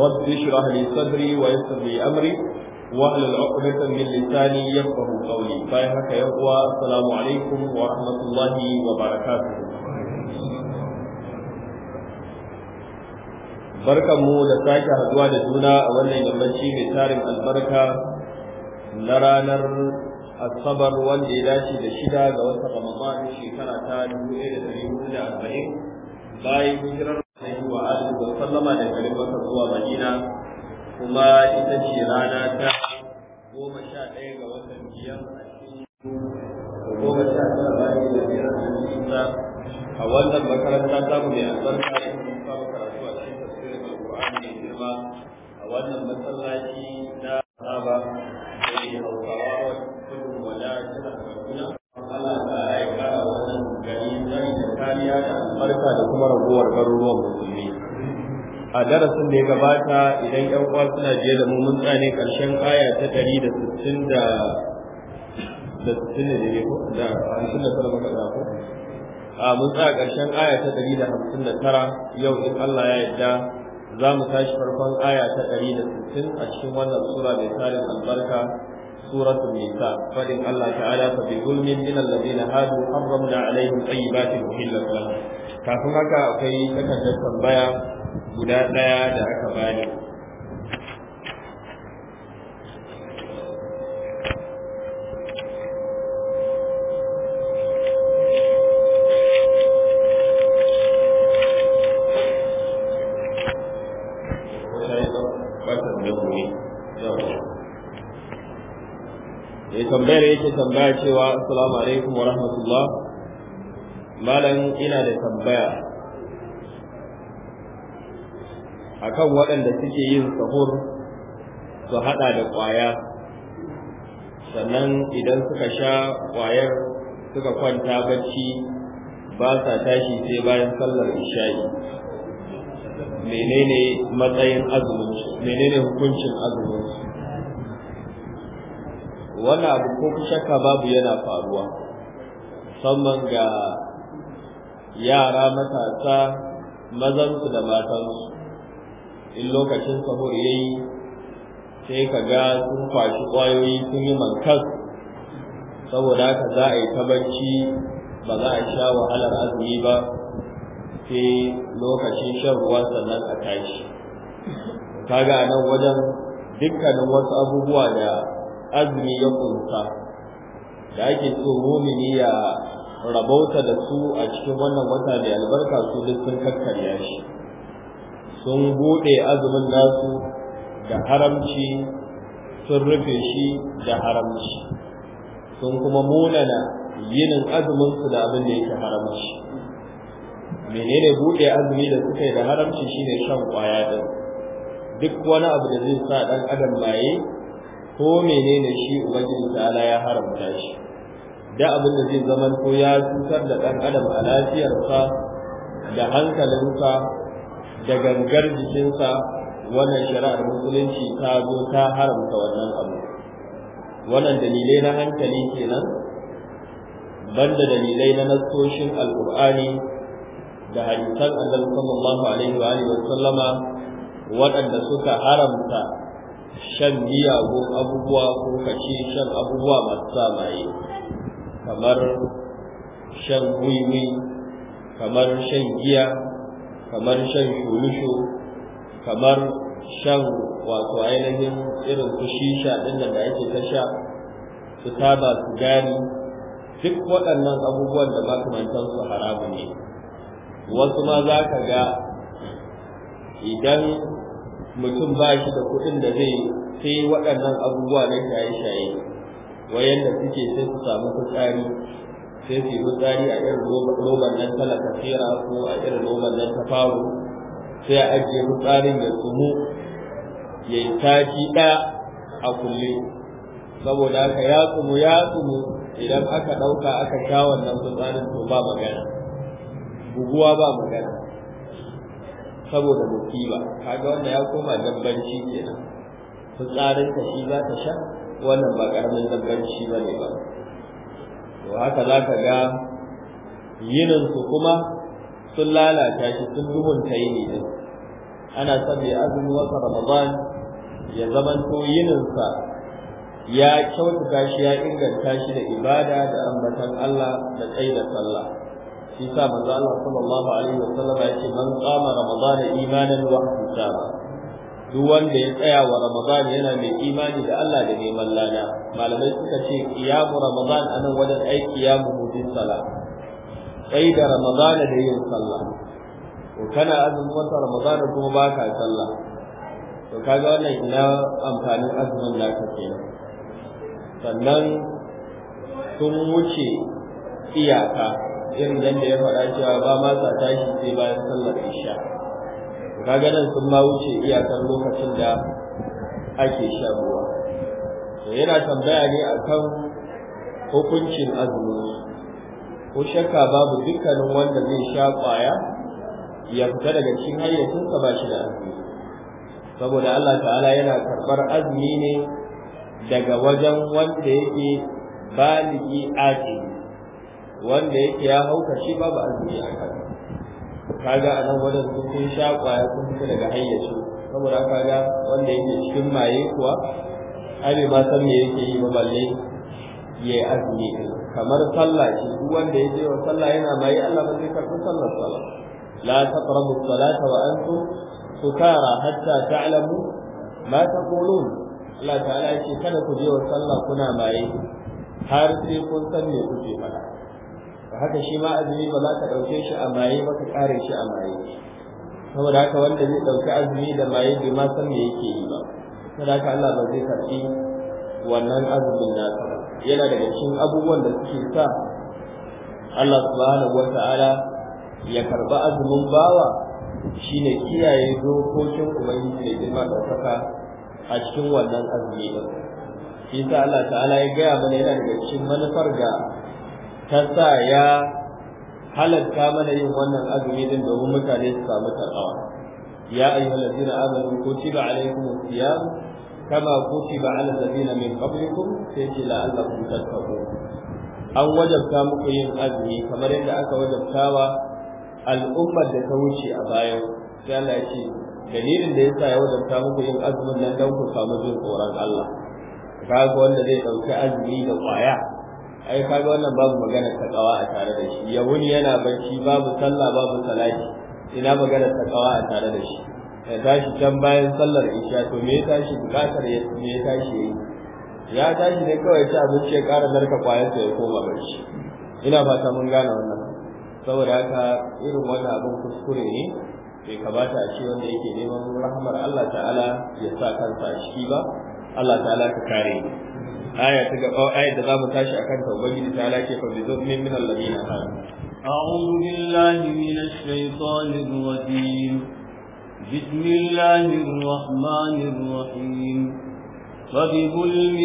رب اشرح لي صدري ويسر لي أمري واحلل عقدة من لساني يفقه قولي فايحك يقوى السلام عليكم ورحمة الله وبركاته barkanmu da sake haduwa da juna a wannan yammaci mai tarin albarka na ranar asabar wanda ya dace da shida ga watan ramadan shekara ta dubu ɗaya da hudu da bayan hijirar Annabi wa alihi wa sallama da garin Makka zuwa Madina kuma ita ce rana ta goma sha ɗaya ga watan biyar a cikin goma sha ɗaya bayan da biyar a cikin a wannan makaranta ta mu mai albarka da kuma samu karatu a cikin tafsirin Al-Qur'ani mai girma a wannan masallaci na Saba kuma ragowar garuruwan musulmi a darasin da ya gabata idan yan uwa suna je da mu mun tsane karshen aya ta 160 da da da da da ko a mun tsaya aya ta ɗari da hamsin da tara yau in Allah ya yarda za mu tashi farkon aya ta ɗari da sittin a cikin wannan sura mai tarin albarka suratul nisa fadin Allah ta'ala fa bi zulmin min alladhina hadu harramna alaihim tayyibatin uhillat lahum kafin haka akwai takardar tambaya guda ɗaya da aka bani eh, tambayar yake tambaya cewa assalamu alaikum wa rahmatullah malam ina da tambaya akan waɗanda suke yin sahur su haɗa da ƙwaya sannan idan suka sha ƙwayar suka kwanta bacci ba sa tashi sai bayan sallar isha'i menene matsayin azumin menene hukuncin azumin wannan abu ko shakka babu yana faruwa musamman ga yara matasa mazansu da matansu in lokacin sahur yayi sai ka ga sun kwashi kwayoyi sun yi mankas saboda haka za a yi ta ba za a sha wahalar azumi ba sai lokacin shan ruwa sannan a tashi kaga a nan wajen dukkanin wasu abubuwa da azumi ya kunsa da ake so mumini ya rabauta da su a cikin wannan wata mai albarka su duk sun kakkarya shi sun buɗe azumin nasu da haramci sun rufe shi da haramci sun kuma munana yinin azumin su da abin da yake haramci menene buɗe azumi da suka yi da haramci shine shan kwaya ɗin duk wani abu da zai sa ɗan adam maye ko menene shi ubangiji ta'ala ya haramta shi da abin da zai zaman ko ya cutar da ɗan adam a lafiyarsa da hankalinsa da gangar jikinsa wannan shari'ar musulunci ta zo ta haramta wannan abu wannan dalilai na hankali kenan banda dalilai na nassoshin alkur'ani da hadisan annabi sallallahu alaihi wa alihi wasallama waɗanda suka haramta shan miyagun abubuwa ko kace shan abubuwa masu samaye kamar shan wiwi kamar shan giya kamar shan shulushu kamar shan wato ainihin irin su shisha ɗin da ake ta sha su taba su gani duk waɗannan abubuwan da su haramu ne wasu ma za ka ga idan mutum ba shi da kuɗin da zai sai waɗannan abubuwa na shaye-shaye wayanda suke sai su samu fitsari sai su yi fitsari a irin roban nan ta lakasira ko a irin roban nan ta faru sai a ajiye fitsarin ya tsumu ya yi taki ɗaya a kulle saboda haka ya tsumu ya tsumu idan aka ɗauka aka sha wannan fitsarin to ba magana guguwa ba magana saboda musiba kaga wanda ya koma dabbanci kenan fitsarin ta shi za ta sha wannan ba karamin dabbanci ba ne ba to haka za ka ga yininsu kuma sun lalata shi sun duhunta yini din ana son azumi wata ramadan ya zamanto yininsa ya kyautuka shi ya inganta shi da ibada da ambatan Allah da da sallah shi sa manzo Allah sallallahu alaihi wasallam ya ce man qama ramadan imanan wa ihtisaba duk wanda ya tsaya wa Ramadan yana mai imani da Allah da neman lada malamai suka ce qiyamu Ramadan anan wajen ai qiyamu hudin sala sai da Ramadan da yin sallah to kana azumin wata Ramadan kuma baka sallah to kaga wannan ina amfanin azumin naka kenan sannan sun wuce iyaka irin yadda ya faɗa cewa ba ma sa tashi sai bayan sallar isha kaga sun ma wuce iyakar lokacin da ake sha ruwa to yana tambaya ne akan hukuncin azumi ko shakka babu dukkanin wanda zai sha kwaya ya fita daga cikin hayyacinsa ba shi da azumi saboda Allah ta'ala yana karɓar azumi ne daga wajen wanda yake baligi ake wanda yake ya hauka shi babu azumi a kansa kaga a nan wajen sun sha kwaya sun fita daga hayyaci saboda kaga wanda yake cikin maye kuwa ai ba san me yake yi ba balle ya yi azumi kamar sallah shi duk wanda ya je wa sallah yana maye Allah ba zai karɓi sallar sallah. ba la taqrabu salata wa antum sukara hatta ta'lamu ma taqulun Allah ta'ala yake ce kada ku je wa sallah kuna maye har sai kun san me kuke faɗa haka shi ma azumi ba za ka ɗauke shi a maye ba ka ƙare shi a maye saboda haka wanda zai ɗauki azumi da maye bai ma san me yake yi ba saboda haka Allah ba zai karɓi wannan azumin nasa ba yana daga cikin abubuwan da suke sa Allah subhanahu ta'ala, ya karɓi azumin bawa shine kiyaye dokokin ubangiji da girma ɗaukaka a cikin wannan azumi ɗin shi sa Allah ta'ala ya gaya mana yana daga cikin manufar da ta sa ya halatta mana yin wannan azumi din domin mutane su samu tarawa ya ayyuhal ladina amanu kutiba alaykumus siyam kama kutiba ala ladina min qablikum sai ce la'allakum tattaqun an wajabta muku yin azumi kamar yadda aka wajabtawa al'ummar da ta wuce a baya sai Allah ya ce dalilin da yasa ya wajabta muku yin azumin nan don ku samu jin tsoron Allah ga wanda zai dauki azumi da kwaya ai kaga wannan babu magana takawa a tare da shi ya yana barci babu sallah babu salati ina magana takawa a tare da shi ya tashi can bayan sallar isha to me ya tashi bukatar ya me ya tashi yi? ya tashi ne kawai ta abinci ya kara narka kwayar ya koma barci ina fata mun gane wannan saboda haka irin wannan abin kuskure ne bai kamata a ce wanda yake neman rahmar Allah ta'ala ya sa kansa a ciki ba Allah ta'ala ka kare ni ايه ta gaba aya da zamu tashi akan ta ubangiji ta ala أعوذ بالله من الشيطان الرجيم بسم الله الرحمن الرحيم فبظلم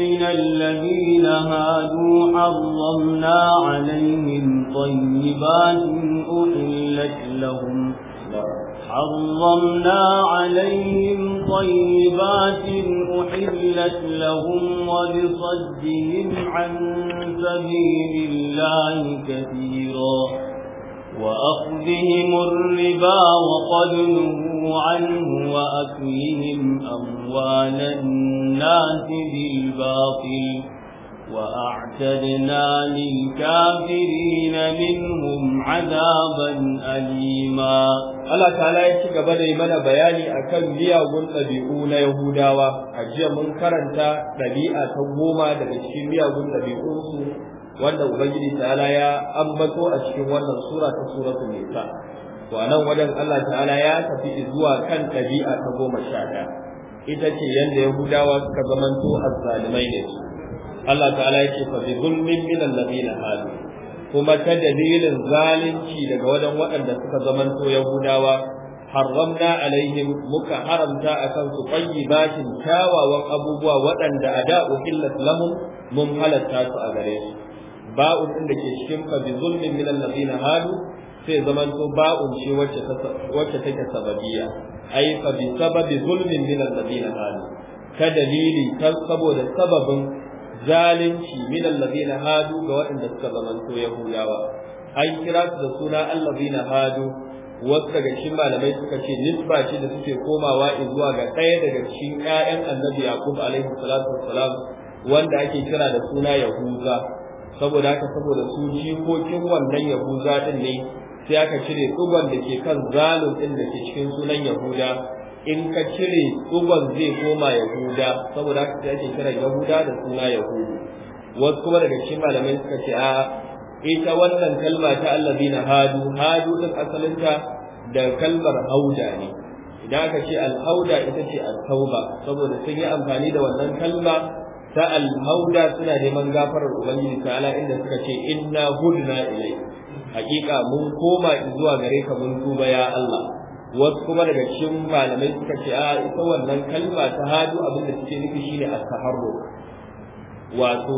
من الذين هادوا حرمنا عليهم طيبات أحلت لهم حرمنا عليهم طيبات أحلت لهم ولصدهم عن سبيل الله كثيرا وأخذهم الربا وقد نهوا عنه وأكلهم أموال الناس بالباطل وأعتدنا للكافرين منهم عذابا أليما Allah ta'ala ya ci gaba da yi mana bayani akan miyagun ɗabi'u na Yahudawa a jiya mun karanta ɗabi'a ta goma daga cikin miyagun ɗabi'unsu wanda Ubangiji ta'ala ya ambato a cikin wannan sura ta suratul Nisa to nan wajen Allah ta'ala ya tafi zuwa kan ɗabi'a ta goma sha ita ce yadda Yahudawa suka zamanto azzalimai ne Allah ta'ala yake fa bi zulmin min na hadu kuma ta dalilin zalunci daga wajen waɗanda suka zamanto yahudawa harramna alaihim muka haramta akan su bashin kyawawan abubuwa waɗanda a da uhillat lahum mun halatta su a gare su ba'un din da ke cikin fa bi zulmin min na hadu sai zamanto ba'un ce wacce take sababiya. ai fa bi sababi zulmin min na hadu ta dalili saboda sababin zalunci min allazina hadu ga waɗanda suka zamanto yahudawa an kira su da suna allazina hadu wasu daga cikin malamai suka ce nisba shi da suke komawa zuwa ga ɗaya daga cikin ƴaƴan annabi yaqub alaihi salatu wassalam wanda ake kira da suna yahuza saboda haka saboda su jikokin wannan yahuza din ne sai aka cire tsugon da ke kan zalun din da ke cikin sunan yahuda in ka cire tsugon zai koma yahuda saboda haka sai ake kiran yahuda da suna yahudu wasu kuma daga cikin malamai suka ce a ita wannan kalma ta na hadu hadu din asalinta da kalmar hauda ne idan aka ce alhauda ita ce altauba saboda sun yi amfani da wannan kalma ta alhauda suna neman gafarar ubangiji ta'ala inda suka ce inna hudna ilai hakika mun koma zuwa gare ka mun tuba ya Allah wasu kuma daga cikin malamai suka ce a ita wannan kalma ta hadu abin da suke nufi shine at-taharru wato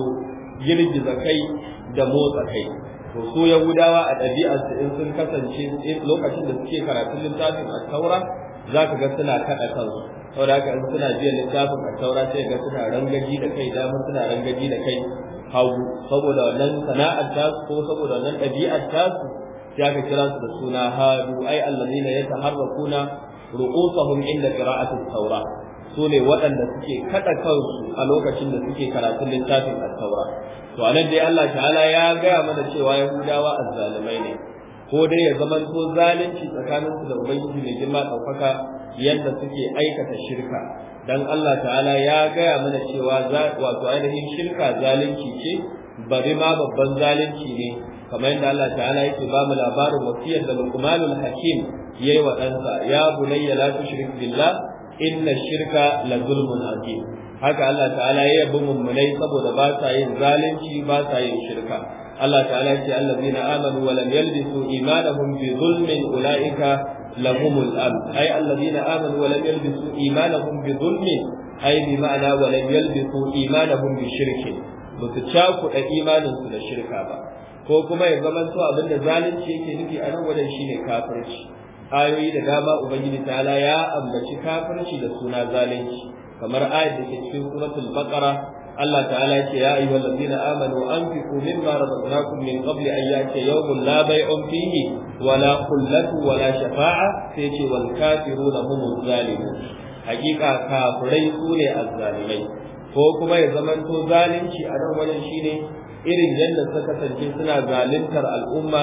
girgiza kai da motsa kai to su yahudawa a ɗabi'ar su in sun kasance lokacin da suke karatun littafin at-taura zaka ga suna kada kansu saboda haka in suna biyan littafin at-taura sai ga suna rangaji da kai dama suna rangaji da kai hagu saboda wannan sana'ar tasu ko saboda wannan ɗabi'ar tasu sai aka kira su da suna hadu ai allazina yataharrakuna ru'usahum inda qira'atit tawra ne waɗanda suke kada kansu a lokacin da suke karatun littafin at saura. to anan dai Allah ta'ala ya gaya mana cewa yahudawa azzalimai ne ko dai ya zamanto zalunci tsakaninsu da ubangiji mai girma ɗaukaka yadda suke aikata shirka dan Allah ta'ala ya gaya mana cewa wato ainihin shirka zalunci ce bari ma babban zalunci ne kamar yadda Allah ta'ala yake ba mu labarin wasiyar da Luqmanul Hakim yayi wa ɗansa ya bunayya la tushrik billah inna shirka la zulmun azim haka Allah ta'ala ya yabi mummunai saboda ba sa yin zalunci ba sa yin shirka Allah ta'ala ya ce allazina amanu wa lam yalbisu imanahum bi zulmin ulaika لهم الأمن أي الذين آمنوا ولم يلبسوا إيمانهم بظلم أي بمعنى ولم يلبسوا إيمانهم بشرك ba su cakuɗa imaninsu da shirka ba ko kuma ya zama to abin da zalunci yake nufi a nan wajen shine kafirci ayoyi da dama ubangiji ta'ala ya ambaci kafirci da suna zalunci kamar ayat da ke cikin suratul baqara Allah ta'ala ce ya ayyuhal ladina amanu anfiqu mimma razaqnakum min qabli an ya'ti yawmun la bay'un fihi wa la khullatu wa la shafa'a sai ce wal kafiruna hum zalimun hakika kafirai su ne azzalimai ko kuma ya zamanto zalunci a nan wajen shine irin yadda suka sanke suna zaluntar al'umma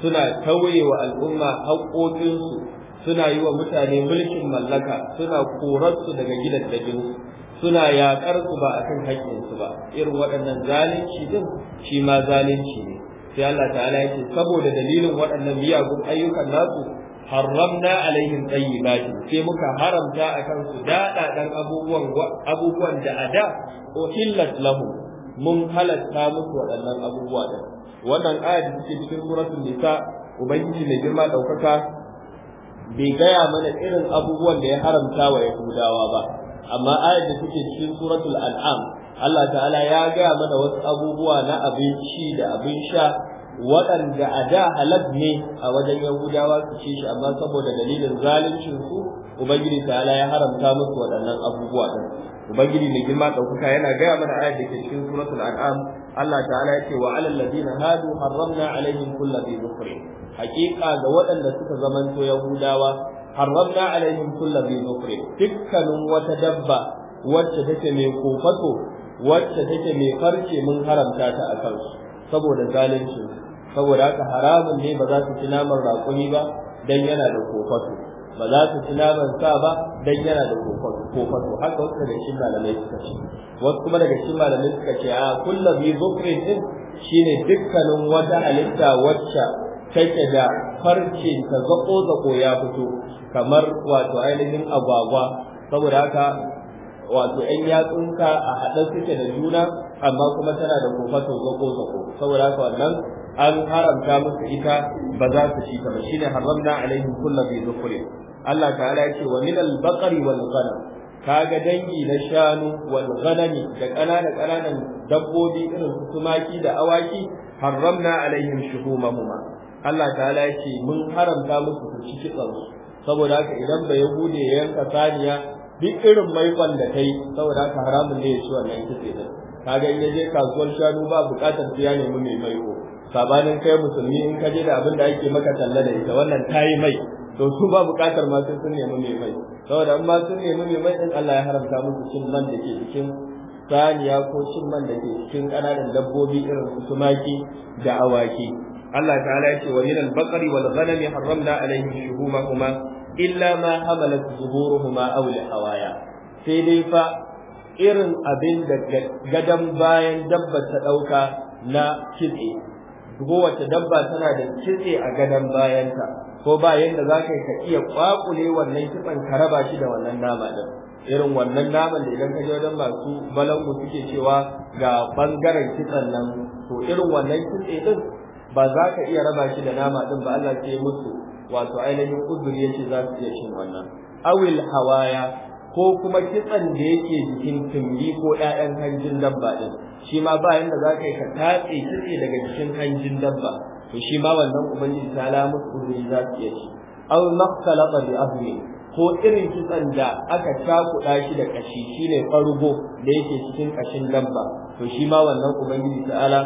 suna tauye wa al'umma haƙoƙinsu suna yi wa mutane mulkin mallaka suna korarsu daga gidan suna yaƙar su ba kan haƙƙinsu ba irin waɗannan zalunci din shi ma zalunci ne sai Allah ta'ala yake saboda dalilin waɗannan miyagun ayyukan nasu harramna alaihim tayyibati sai muka haramta akan su dada dan abubuwan abubuwan da ada uhillat lahum mun halatta musu waɗannan abubuwa da wannan aya da take cikin suratul nisa ubangiji mai girma ɗaukaka, bai gaya mana irin abubuwan da ya haramta wa yahudawa ba amma ayar da take cikin suratul al'am, Allah ta'ala ya gaya mana wasu abubuwa na abinci da abin sha waɗanda a da halab ne a wajen yahudawa su ce shi amma saboda dalilin zaluncin su ubangiji ta'ala ya haramta musu waɗannan abubuwa din ubangiji mai girma ɗaukaka yana gaya mana ayat da ke cikin suratul an'am Allah ta'ala ya ce wa alal ladina hadu harramna alaihim kullu dhi dhukrin haƙiƙa ga waɗanda suka zamanto yahudawa harramna alaihim kullu dhi dhukrin dukkanin wata dabba wacce take mai kofato wacce take mai farce mun haramta ta a kansu saboda su. saboda haka haramun ne ba za su ci naman raƙumi ba dan yana da kofato ba za su ci naman sa ba dan yana da kofato haka wasu daga cikin malamai suka ce wasu kuma daga cikin malamai suka ce a kullum bi zukrin din shine dukkanin wata halitta wacce take da farcin ta zako zako ya fito kamar wato ainihin agwagwa saboda haka wato ɗan yatsunka a haɗa suke da juna amma kuma tana da kofato zako zako saboda haka wannan an haramta musu ita ba za su ci ta ba shine haramna alaihim kullu bi dhukri Allah ta'ala ya ce wa min al-baqari wal ghanam kaga dangi na shanu wal ghanam da kanana kananan dabbobi irin su tumaki da awaki haramna alaihim shuhumahuma Allah ta'ala ya ce mun haramta musu su ci kitsan saboda haka idan ba yahude ya yanka saniya duk irin maikon da kai saboda haka haramun ne ya ci wannan kitse din kaga in ya je kasuwar shanu ba bukatar ya nemi mai maiko sabanin kai musulmi in ka je da abin da ake maka talla da ita wannan tayi mai to su ba bukatar ma sai sun nemi mai mai saboda in sun nemi mai mai din Allah ya haramta musu cin man da ke cikin saniya ko cin man da ke cikin kananan dabbobi irin su tumaki da awaki Allah ta'ala ya ce wa min al-baqari wal ghanami harramna alayhi shuhumahuma illa ma hamalat zuhuruhuma aw al-hawaya sai dai fa irin abin da gadan bayan dabba ta dauka na kitse kowace dabba tana da kitse a gadon bayanta ko ba yanda zaka ka iya kwakule wannan kitsan ka raba shi da wannan nama din irin wannan naman da idan ka je wajen masu balangu suke cewa ga bangaren kitsen nan to irin wannan kitse din ba za ka iya raba shi da nama din ba Allah ce musu wato ainihin uzuri yace za su iya cin wannan awil hawaya ko kuma kitsan da yake jikin tumbi ko ƴaƴan hanjin dabba din shi ma ba yanda za ka yi ka tatse kitse daga jikin hanjin dabba to shi ma wannan ubangiji ta la musu za su iya ci aw maktalaba bi ahli ko irin kitsan da aka cakuɗa shi da kashi ne farugo da yake cikin kashin dabba to shi ma wannan ubangiji ta'ala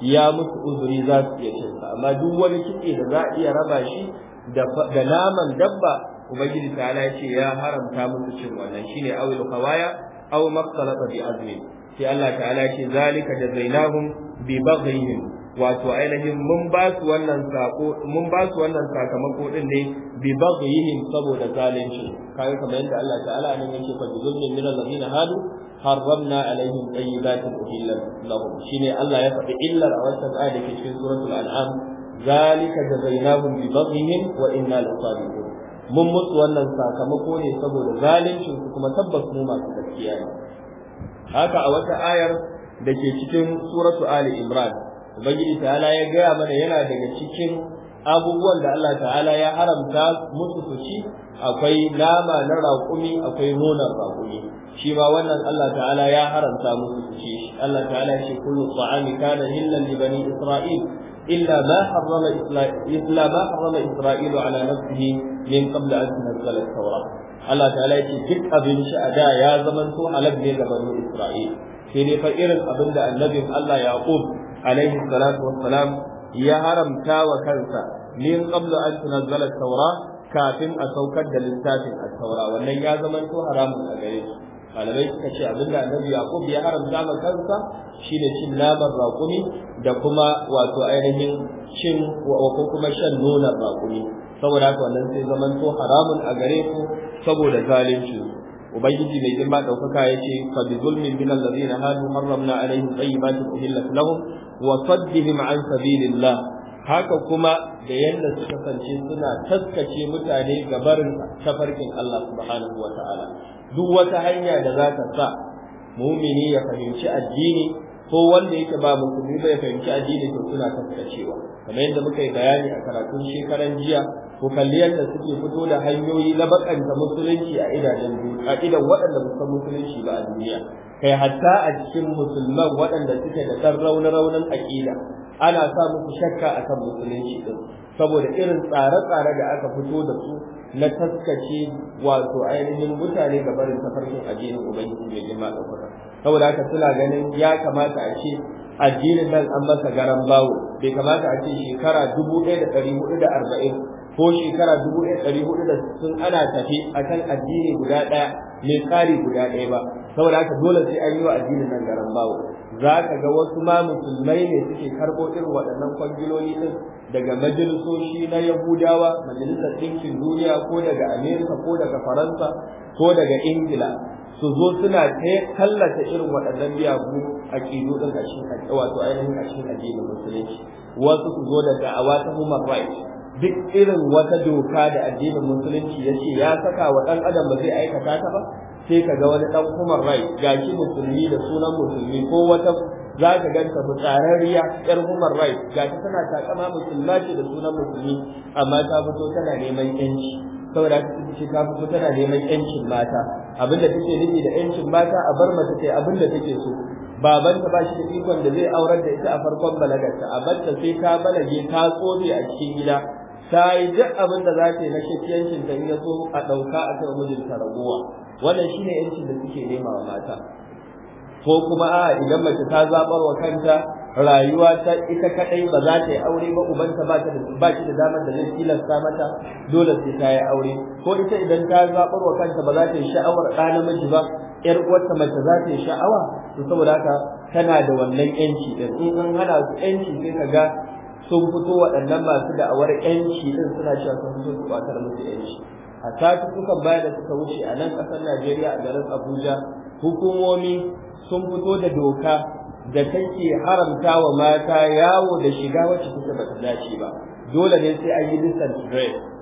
ya musu uzuri za su iya cinsa amma duk wani kitse da za a iya raba shi da naman dabba ubangiji ta'ala ya ce ya haramta musu cin wannan shine awil qawaya aw maqtalata bi azmi sai Allah ta'ala ya ce zalika jazainahum bi baghyin wato ainihin mun ba su wannan sako mun ba su wannan sakamako din ne bi baghyin saboda zalunci kai kamar yadda Allah ta'ala anan yake fa zulmin min alladhina hadu harramna alaihim tayyibatin uhillat lahum shine Allah ya faɗi illar a wannan ayat da ke cikin suratul an'am zalika jazainahum bi baghyin wa inna lasadiqun mun mutu wannan sakamako ne saboda zalincin su kuma tabbas mu masu gaskiya ne haka a wata ayar da ke cikin suratu ali imran ubangiji ta'ala ya gaya mana yana daga cikin abubuwan da Allah ta'ala ya haramta musu su ci akwai nama na raƙumi akwai nonon raƙumi shi ma wannan Allah ta'ala ya haramta musu su ci Allah ta'ala ya kullu ta'ami kana hillan li bani isra'il illa ma harrama isla ma harrama isra'ilu ala nafsihi min qabla an tunzal at-taura Allah ta'ala yake duk abin shi a da ya zaman to halal ne ga banu Isra'il sai ne fa irin abin da annabin Allah Yaqub alaihi salatu wassalam ya haramta wa kansa min qabla an tunzal at-taura kafin a saukar da littafin at-taura wannan ya zaman to haramun a gare shi malamai suka ce abin da annabi yaqub ya haramta ma kansa shine cin naman raƙumi da kuma wato ainihin cin ko kuma shan nonon raƙumi saboda haka wannan sai zaman to haramun a gare ku saboda zalunci ubangiji mai girma daukaka yace fa bi zulmin min allazina hadu harramna alaihim tayyibatin uhillat lahum wa saddihim an sabilillah haka kuma da yadda suka kasance suna taskace mutane ga barin tafarkin Allah subhanahu wataala duk wata hanya da za ta sa mumini ya fahimci addini ko wanda yake ba musulmi bai fahimci addini to suna taskacewa kamar yadda muka yi bayani a karatun shekaran jiya ku kalli yadda suke fito da hanyoyi na bakanta musulunci a idanun a idan waɗanda ba musulunci ba a duniya kai hatta a cikin musulman waɗanda suke da san rauni raunin aƙida ana sa musu shakka akan musulunci din saboda irin tsare-tsare da aka fito da su na taskace wato ainihin mutane ga barin tafarkin addinin ubangiji mai girma da kuma saboda haka suna ganin ya kamata a ce addinin nan an masa garan bawo bai kamata a ce shekara dubu ɗaya da ɗari hudu da arba'in ko shekara dubu ɗaya ɗari hudu da sun ana tafi a kan addini guda ɗaya mai tsari guda ɗaya ba saboda haka dole sai an yi wa addinin nan garan bawo za ka ga wasu ma musulmai ne suke karɓo irin waɗannan kwangiloli ɗin daga majalisoshi na yahudawa majalisar ɗinkin duniya ko daga amerika ko daga faransa ko daga ingila su zo suna tallata irin waɗannan biyagu a ƙido ɗin a cikin wato ainihin a cikin addinin musulunci wasu su zo da da'awa ta human rights duk irin wata doka da addinin musulunci ya ce ya saka wa ɗan adam ba zai aikata ta ba sai ka ga wani ɗan human right shi musulmi da sunan musulmi ko wata za ka ganta tsararriya ƴar human right shi tana takama musulma ce da sunan musulmi amma ta fito tana neman ƴanci saboda ta ce ta fito tana neman ƴancin mata abinda take nufi da ƴancin mata a bar mata yi abinda take so babanta ba shi da ikon da zai aurar da ita a farkon balagarta a batta sai ta balage ta tsome a cikin gida ta yi duk abin da za ta yi na shakiyancin da ya zo a ɗauka a kan mijinta raguwa wannan shi ne yancin da suke nema wa mata ko kuma a idan mace ta zaɓar wa kanta rayuwa ta ita kaɗai ba za ta yi aure ba ubanta ba ta ba shi da damar da zai tilasta mata dole sai ta yi aure ko ita idan ta zaɓar wa kanta ba za ta yi sha'awar ɗa namiji ba ƴar uwarta mace za ta yi sha'awa to saboda haka tana da wannan yanci din in an hana su yanci sai ka ga sun fito waɗannan masu da'awar yanci din suna cewa sun fito su kwatar musu yanci a tafi suka bayar da suka wuce a nan ƙasar Najeriya a garin Abuja hukumomi sun fito da doka da take haramta wa mata yawo da shiga wacce kuka ba ta dace ba dole ne sai an yi distance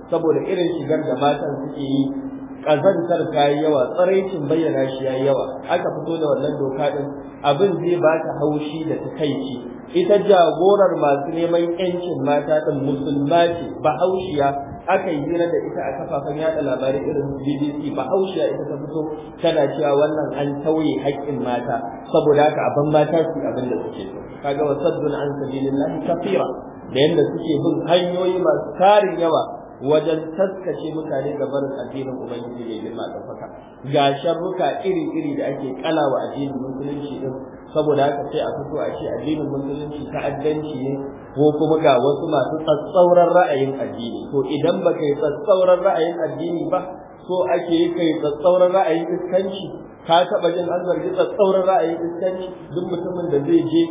saboda irin shigar da matan suke yi kazantar yi yawa tsaraicin bayyana shi yayi yawa aka fito da wannan doka din abin zai ta haushi da takaici ita jagorar masu neman yancin mata din musulma ce bahaushiya aka yi hira da ita a kafafen yada labarai irin BBC bahaushiya ita ta fito tana cewa wannan an tauye haƙƙin mata saboda haka abin mata su abin da suke so kaga wasaddun an sabilillahi kafira da yanda suke bin hanyoyi masu tarin yawa wajen taskace mutane ga barin addinin ubangiji da girma ɗaukaka ga sharruka iri-iri da ake kalawa addinin musulunci din saboda haka sai a fito a ce addinin musulunci ta addanci ne ko kuma ga wasu masu tsatsauran ra'ayin addini to idan ba kai tsatsauran ra'ayin addini ba so ake yi kai tsatsauran ra'ayin iskanci ka taɓa jin an zargi tsatsauran ra'ayin iskanci duk mutumin da zai je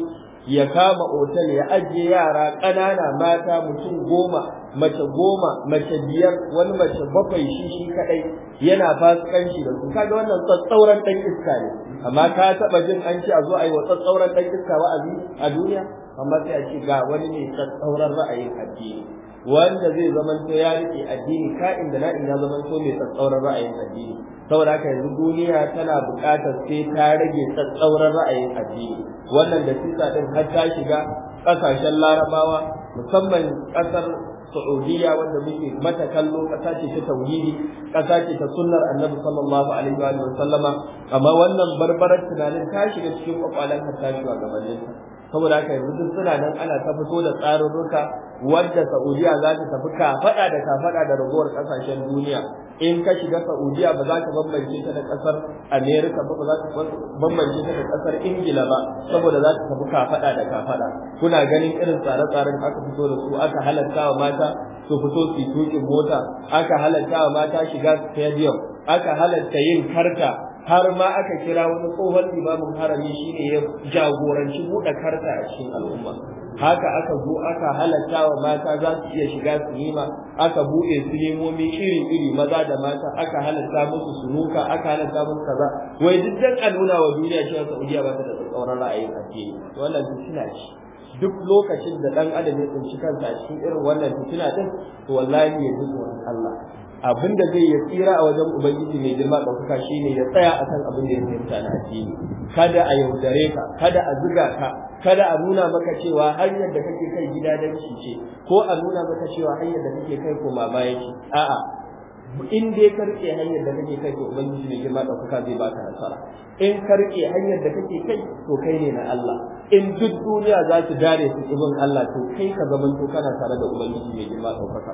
ya kama otal ya ajiye yara ƙanana mata mutum goma mace goma mace biyar wani mace bakwai shi shi kadai yana fasikanci da su kaga wannan tsatsauran dan iska ne amma ka taba jin an ce a zo a yi wa tsatsauran dan iska wa'azi a duniya amma sai a ce ga wani ne tsatsauran ra'ayin addini wanda zai to ya rike addini ka inda da inda zaman to mai tsatsauran ra'ayin addini saboda haka yanzu duniya tana buƙatar sai ta rage tsatsauran ra'ayin addini wannan da sisa din har ta shiga ƙasashen larabawa musamman ƙasar Saudiya wanda muke mata kallo ƙasa ce ta tauhidi ƙasa ce ta sunnar annabi sallallahu alaihi wa sallama amma wannan barbarar tunanin ta shiga cikin kwakwalan hatta shugabanninsa saboda haka yanzu duk suna nan ana ta fito da tsarin tsarurruka wadda Saudiya za ta tafi kafaɗa da kafaɗa da ragowar kasashen duniya in ka shiga Saudiya ba za ka bambance ta da kasar America ba ba za ka bambance ta da kasar Ingila ba saboda za ta tafi kafaɗa da kafaɗa kuna ganin irin tsare-tsaren aka fito da su aka halatta wa mata su fito su tuƙin mota aka halatta wa mata shiga stadium aka halarta yin karta har ma aka kira wani tsohon imamin harami shine ya jagoranci buɗe karta a cikin al'umma haka aka zo aka halatta wa mata za su iya shiga sinima aka buɗe sinimomi iri iri maza da mata aka halatta musu sunuka aka halatta musu kaza wai duk dan kanuna wa duniya cewa Saudiya ba ta da tsauran ra'ayin addini wannan fitina ce duk lokacin da dan adam ya tsinci kansa a cikin irin wannan fitina din to wallahi ya ji tsoron Allah abin da zai ya tsira a wajen ubangiji mai girma ɗaukaka shi ne ya tsaya a kan abin da ya fahimta na addini kada a yaudare ka kada a zuga ka kada a nuna maka cewa hanyar da kake kai gida shi ce ko a nuna maka cewa hanyar da kake kai koma baya ce a'a in dai ka rike hanyar da kake kai ko ubangiji mai girma ɗaukaka zai baka nasara in ka rike hanyar da kake kai to kai ne na Allah in duk duniya za ta dare su ibin Allah to kai ka zamanto kana tare da ubangiji mai girma ɗaukaka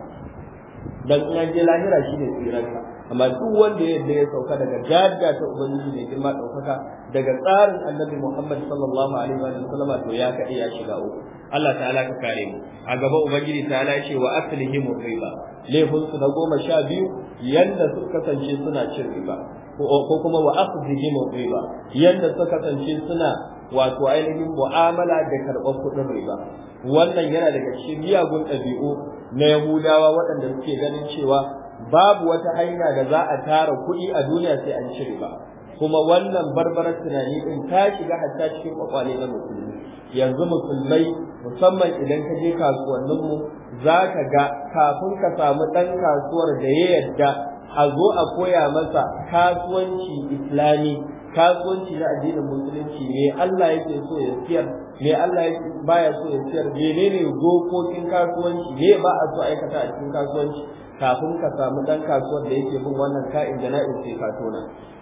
dan in an je lahira shine tsiranka amma duk wanda ya yadda ya sauka daga gadda ta ubangiji mai girma daukaka daga tsarin annabi Muhammad sallallahu alaihi wa sallam to ya ka ya shiga uku Allah ta'ala ka kare mu a gaba ubangiji ta'ala ce wa aslihim riba Lehun su na goma sha biyu yanda su kasance suna cin riba ko kuma wa akhdhihim riba yanda su kasance suna wato ainihin mu'amala da karɓar kuɗin riba wannan yana daga cikin miyagun ɗabi'u na Yahudawa waɗanda suke ganin cewa babu wata hanya da za a tara kuɗi a duniya sai an cire ba kuma wannan barbarar tunani ɗin ta shiga hatta cikin kwakwale na musulmi yanzu musulmai musamman idan ka je kasuwanninmu za ka ga kafin ka samu ɗan kasuwar da ya yarda a zo a koya masa kasuwanci islami kasuwanci na addinin musulunci me Allah yake so ya siyar me Allah baya so ya siyar menene dokokin kasuwanci me ba a so aikata a cikin kasuwanci kafin ka samu dan kasuwar da yake bin wannan ka'in da na'in sai ka tona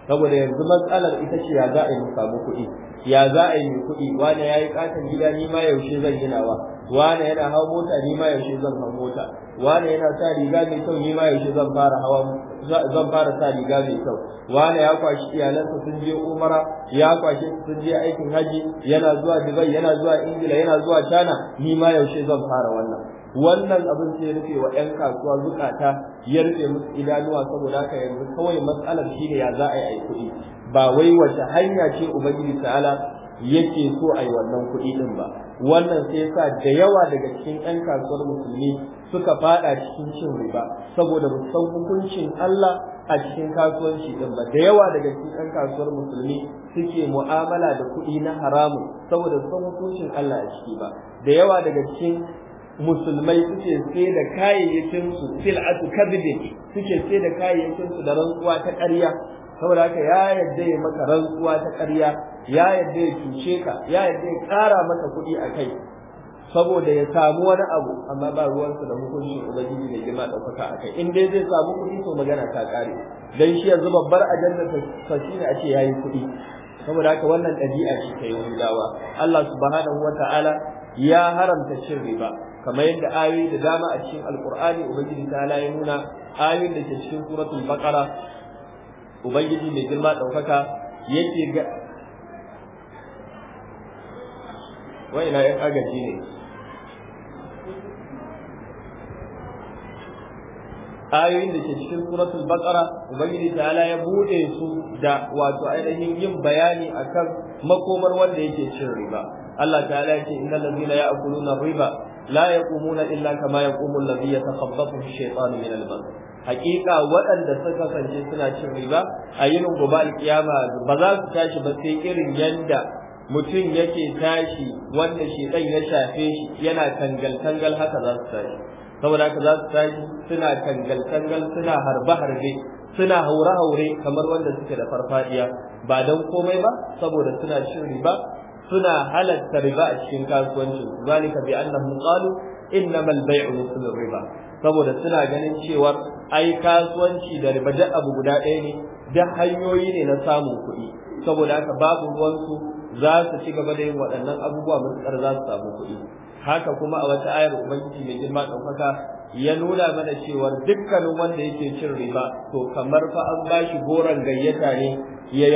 saboda yanzu matsalar ita ce ya za a yi samu kuɗi ya za a yi kuɗi wani ya yi katon gida ni ma yaushe zan gina wa wani yana hau mota ni ma yaushe zan hau mota wani yana sa riga mai kyau ni ma yaushe zan fara hawa zan fara sa riga mai kyau wani ya kwashi iyalansa sun je umara ya kwashi sun je aikin haji yana zuwa dubai yana zuwa ingila yana zuwa china ni ma yaushe zan fara wannan wannan abin sai ya rufe wa ƴan kasuwa zukata ya rufe musu idanuwa saboda haka yanzu kawai matsalar shi ne ya za a yi ai kuɗi ba wai wace hanya ce ubangiji ta'ala yake so a yi wannan kuɗi din ba wannan sai ya sa da yawa daga cikin ƴan kasuwar musulmi suka faɗa cikin cin riba saboda ba san hukuncin Allah a cikin kasuwanci din ba da yawa daga cikin ɗan kasuwar musulmi suke mu'amala da kuɗi na haramu saboda san hukuncin Allah a ciki ba da yawa daga cikin musulmai suke sai da kayayyakin su sil'atu kadhibin suke sai da kayayyakin su da rantsuwa ta ƙarya saboda haka ya yadda ya maka rantsuwa ta ƙarya ya yadda ya cuce ka ya yadda ya ƙara maka kuɗi a kai saboda ya samu wani abu amma ba ruwansa da hukuncin ubangiji mai girma ɗaukaka a kai in dai zai samu kuɗi to magana ta ƙare dan shi yanzu babbar ajandar ta shine a ce yayi kuɗi saboda haka wannan ɗabi'a ce ta yahudawa Allah subhanahu wa ta'ala ya haramta cin riba kamar yadda ayoyi da dama a cikin alkur'ani ubangiji ta ya nuna ayoyin da ke cikin suratul baqara ubangiji mai girma ɗaukaka yake ga na yan agaji ne ayoyin da ke cikin suratul baqara ubangiji ta ya bude su da wato ainihin yin bayani akan makomar wanda yake cin riba Allah ta'ala ya ce innal ladina ya'kuluna riba la yaqumuna illa kama yaqumu alladhi yatakhabbathu ash-shaytanu min al-mas haqiqa waɗanda suka kasance suna cin riba a yinin gobe alkiyama ba za su tashi ba sai irin yanda mutum yake tashi wanda shedan ya shafe shi yana tangal tangal haka za su tashi saboda haka za su tashi suna tangal tangal suna harbe harbe suna haure haure kamar wanda suke da farfadiya ba dan komai ba saboda suna cin riba suna halatta riba a cikin kasuwancin zalika bi annahum qalu innamal bay'u mithlu riba saboda suna ganin cewa ai kasuwanci da riba da abu guda ɗaya ne da hanyoyi ne na samun kuɗi saboda haka babu ruwansu za su ci gaba da yin waɗannan abubuwa matuƙar za su samu kuɗi haka kuma a wata ayar ubangiji mai girma ɗaukaka ya nuna mana cewa dukkanin wanda yake cin riba to kamar fa an bashi goron gayyata ne ya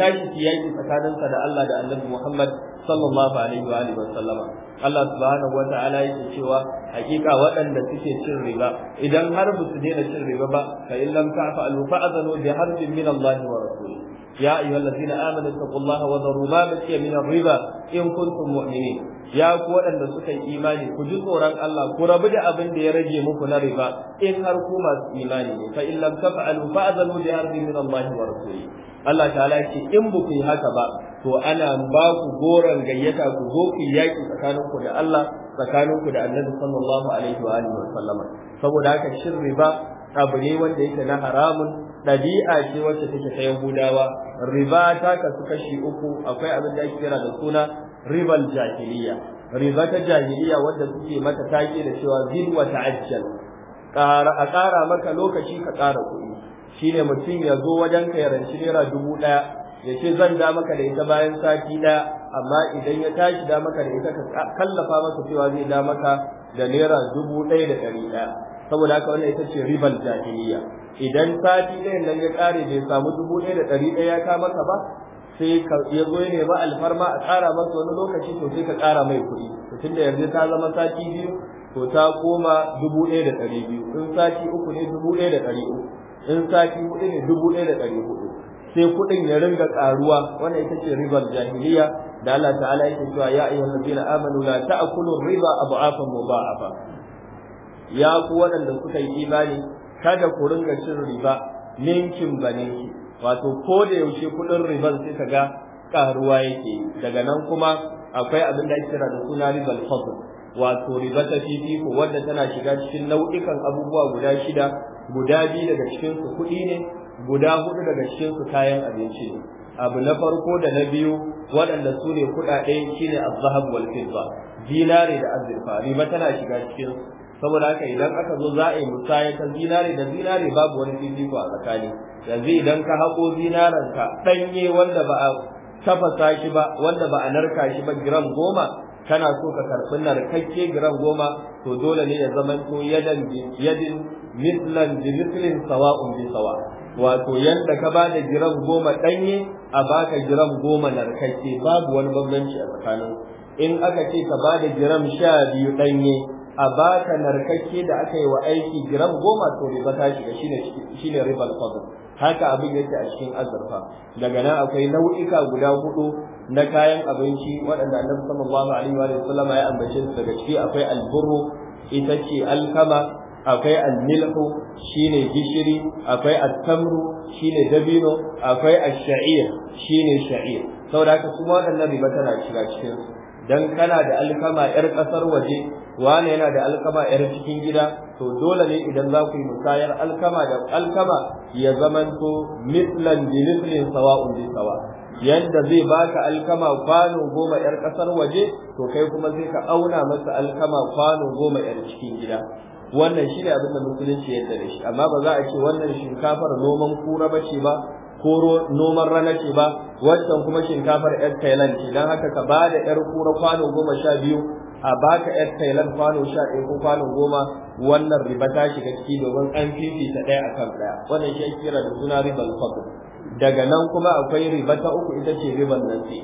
tashi yaki tsakaninsa da Allah da Annabi Muhammad sallallahu alaihi wa alihi wasallama Allah subhanahu wa ta'ala yake cewa hakika waɗanda suke cin riba idan har ba su daina cin riba ba fa in lam ta'falu fa'zanu bi harbin min Allah wa rasulih ya ayyuhallazina amanu taqullaha wa dharu ma baqiya min riba in kuntum mu'minin ya ku waɗanda suka yi imani ku ji tsoron Allah ku rabu da abin da ya rage muku na riba in har ku masu imani ne fa in taf'alu fa azalu bi ardi min Allah wa rasuli Allah ta'ala ce in ba ku yi haka ba to ana ba ku goran gayyata ku zo ku yaki tsakanin ku da Allah tsakanin ku da Annabi sallallahu alaihi wa alihi wa saboda haka shin riba abu ne wanda yake na haramun ɗabi'a ce wacce take ta Yahudawa riba ta kasu kashi uku akwai abin da ake kira da suna ribal jahiliya riba ta jahiliya wadda suke mata take da cewa zil wa ta'ajjal ƙara a ƙara maka lokaci ka kara kuɗi shine mutum ya zo wajen ka ya ranci naira dubu ɗaya ya ce zan da maka da ita bayan sati ɗaya amma idan ya tashi da maka da ita ka kallafa masa cewa zai da maka da naira dubu ɗaya da ɗari ɗaya saboda haka wannan ita ce ribal jahiliya idan sati ɗayan nan ya kare bai samu dubu ɗaya da ɗari ɗaya ya ka maka ba sai ka ya zo ne ba alfarma a ƙara masa wani lokaci to sai ka ƙara mai kuɗi to tunda yanzu ta zama sati biyu to ta koma dubu ɗaya da ɗari biyu in sati uku ne dubu ɗaya da ɗari uku in sati huɗu ne dubu ɗaya da ɗari huɗu sai kuɗin ya ringa ƙaruwa wanda ita ce ribar jahiliya da Allah ta'ala yake cewa ya ayyuhal ladina amanu la ta'kulu riba ad'afan mudha'afa ya ku waɗanda suka yi imani kada ku ringa cin riba ninkin ba wato ko da yaushe kudin riban sai ka ga karuwa yake daga nan kuma akwai abin da ake da suna ribal fadl wato riba ta ko wanda tana shiga cikin nau'ikan abubuwa guda shida guda biyu daga cikin su kuɗi ne guda hudu daga cikin su kayan abinci ne abu na farko da na biyu waɗanda su ne kuɗaɗe shine az-zahab wal fidda dinare da azurfa riba tana shiga cikin saboda haka idan aka zo za a yi musaya ta zinare da zinare babu wani fifiko a tsakani yanzu idan ka haƙo zinaren ka ɗanye wanda ba a tafasa shi ba wanda ba a narka shi ba giram goma kana so ka karɓi narkakke giram goma to dole ne ya zama to yadan yadin mislan bi mislin sawa'un bi sawa wato yanda ka ba da giram goma ɗanye a baka giram goma narkakke babu wani bambanci a tsakanin in aka ce ka ba da giram sha biyu ɗanye a baka narkakke da aka yi wa aiki gram goma to ba ta shiga shi ne ribar al haka abin yake a cikin azurfa daga nan akwai nau'ika guda hudu na kayan abinci waɗanda Annabi sallallahu alaihi wa sallama ya ambace su daga ciki akwai alburu ita ce alkama akwai almilhu shine gishiri akwai attamru shine dabino akwai ash-sha'ir shine sha'ir saboda haka kuma waɗannan riba tana shiga cikin su dan kana da alkama yar kasar waje wani yana da alkama yar cikin gida to dole ne idan za ku yi musayar alkama da alkama ya zamanto mislan bi mislin sawa'un bi sawa yadda zai baka alkama kwano goma yar kasar waje to kai kuma sai ka auna masa alkama kwano goma yar cikin gida wannan shi ne abin da musulunci yadda da shi amma ba za a ce wannan shinkafar noman kura bace ba Koro, noman rana ce ba wancan kuma shinkafar yar thailand ce don haka ka ba da yar kura kwano goma sha biyu a baka yar thailand kwano sha ɗaya ko kwano goma wannan riba ta shiga ciki domin an fifita ɗaya akan ɗaya wannan shi ake kira da suna ribar fadl daga nan kuma akwai riba ta uku ita ce riban nasi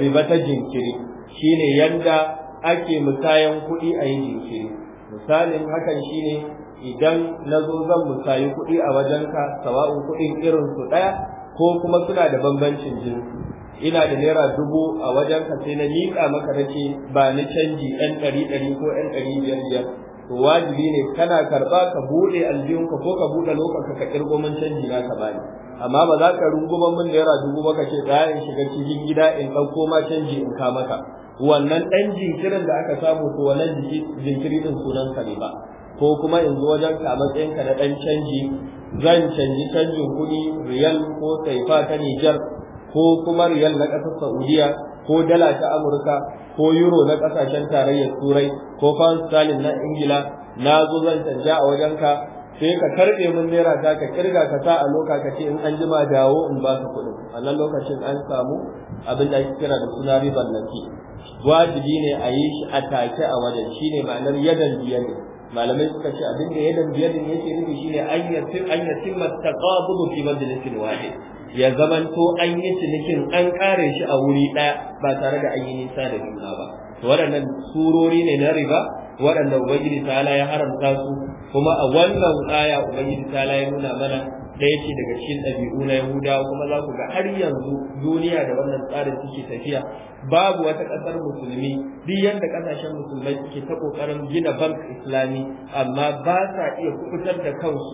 riba ta jinkiri shine yanda ake musayan kuɗi a yi jinkiri misalin hakan shine idan na zo zan musayi kuɗi a wajenka sawa'un kuɗin irin su ɗaya ko kuma suna da bambancin jinsi ina da naira dubu a wajen ka sai na miƙa maka nake ba ni canji ɗan ɗari ɗari ko ɗan ɗari biyar biyar to wajibi ne kana karɓa ka buɗe aljihunka ko ka buɗe lokanka ka ƙirgo min canji na ka bani amma ba za ka runguman min naira dubu ba ka ce tsaya in shiga cikin gida in ɗauko ma canji in ka maka wannan ɗan jinkirin da aka samu to wannan jinkiri ɗin sunan ka ne ba ko kuma in zo wajen ka matsayinka na ɗan canji zan canji canjin kuɗi riyal ko taifa ta Nijar ko kuma riyal na ƙasar Saudiya ko dala ta Amurka ko yuro na ƙasashen tarayyar Turai ko pound na Ingila na zo zan canja a wajenka sai ka karɓe mun naira ta ka kirga ka sa a loka ka ce in an jima dawo in ba ka kuɗin a nan lokacin an samu abin da ake kira da suna riban nake wajibi ne a yi shi a take a wajen shine ma'anar yadan biyar ne malamai suka ce abin da dambiya din yake nufi shine an yatim an yatimma kima fi majlisin wahid ya zamanto an yi cinikin an kare shi a wuri ɗaya ba tare da an yi nisa da juna ba waɗannan surori ne na riba waɗanda ubangiji ta'ala ya haramta su kuma a wannan aya ubangiji ta'ala ya nuna mana ɗaya ce daga cikin ɗabi'u na yahudawa kuma za ku ga har yanzu duniya da wannan tsarin suke tafiya babu wata ƙasar musulmi duk yadda ƙasashen musulmai suke ta ƙoƙarin gina bank islami amma ba sa iya kubutar da kansu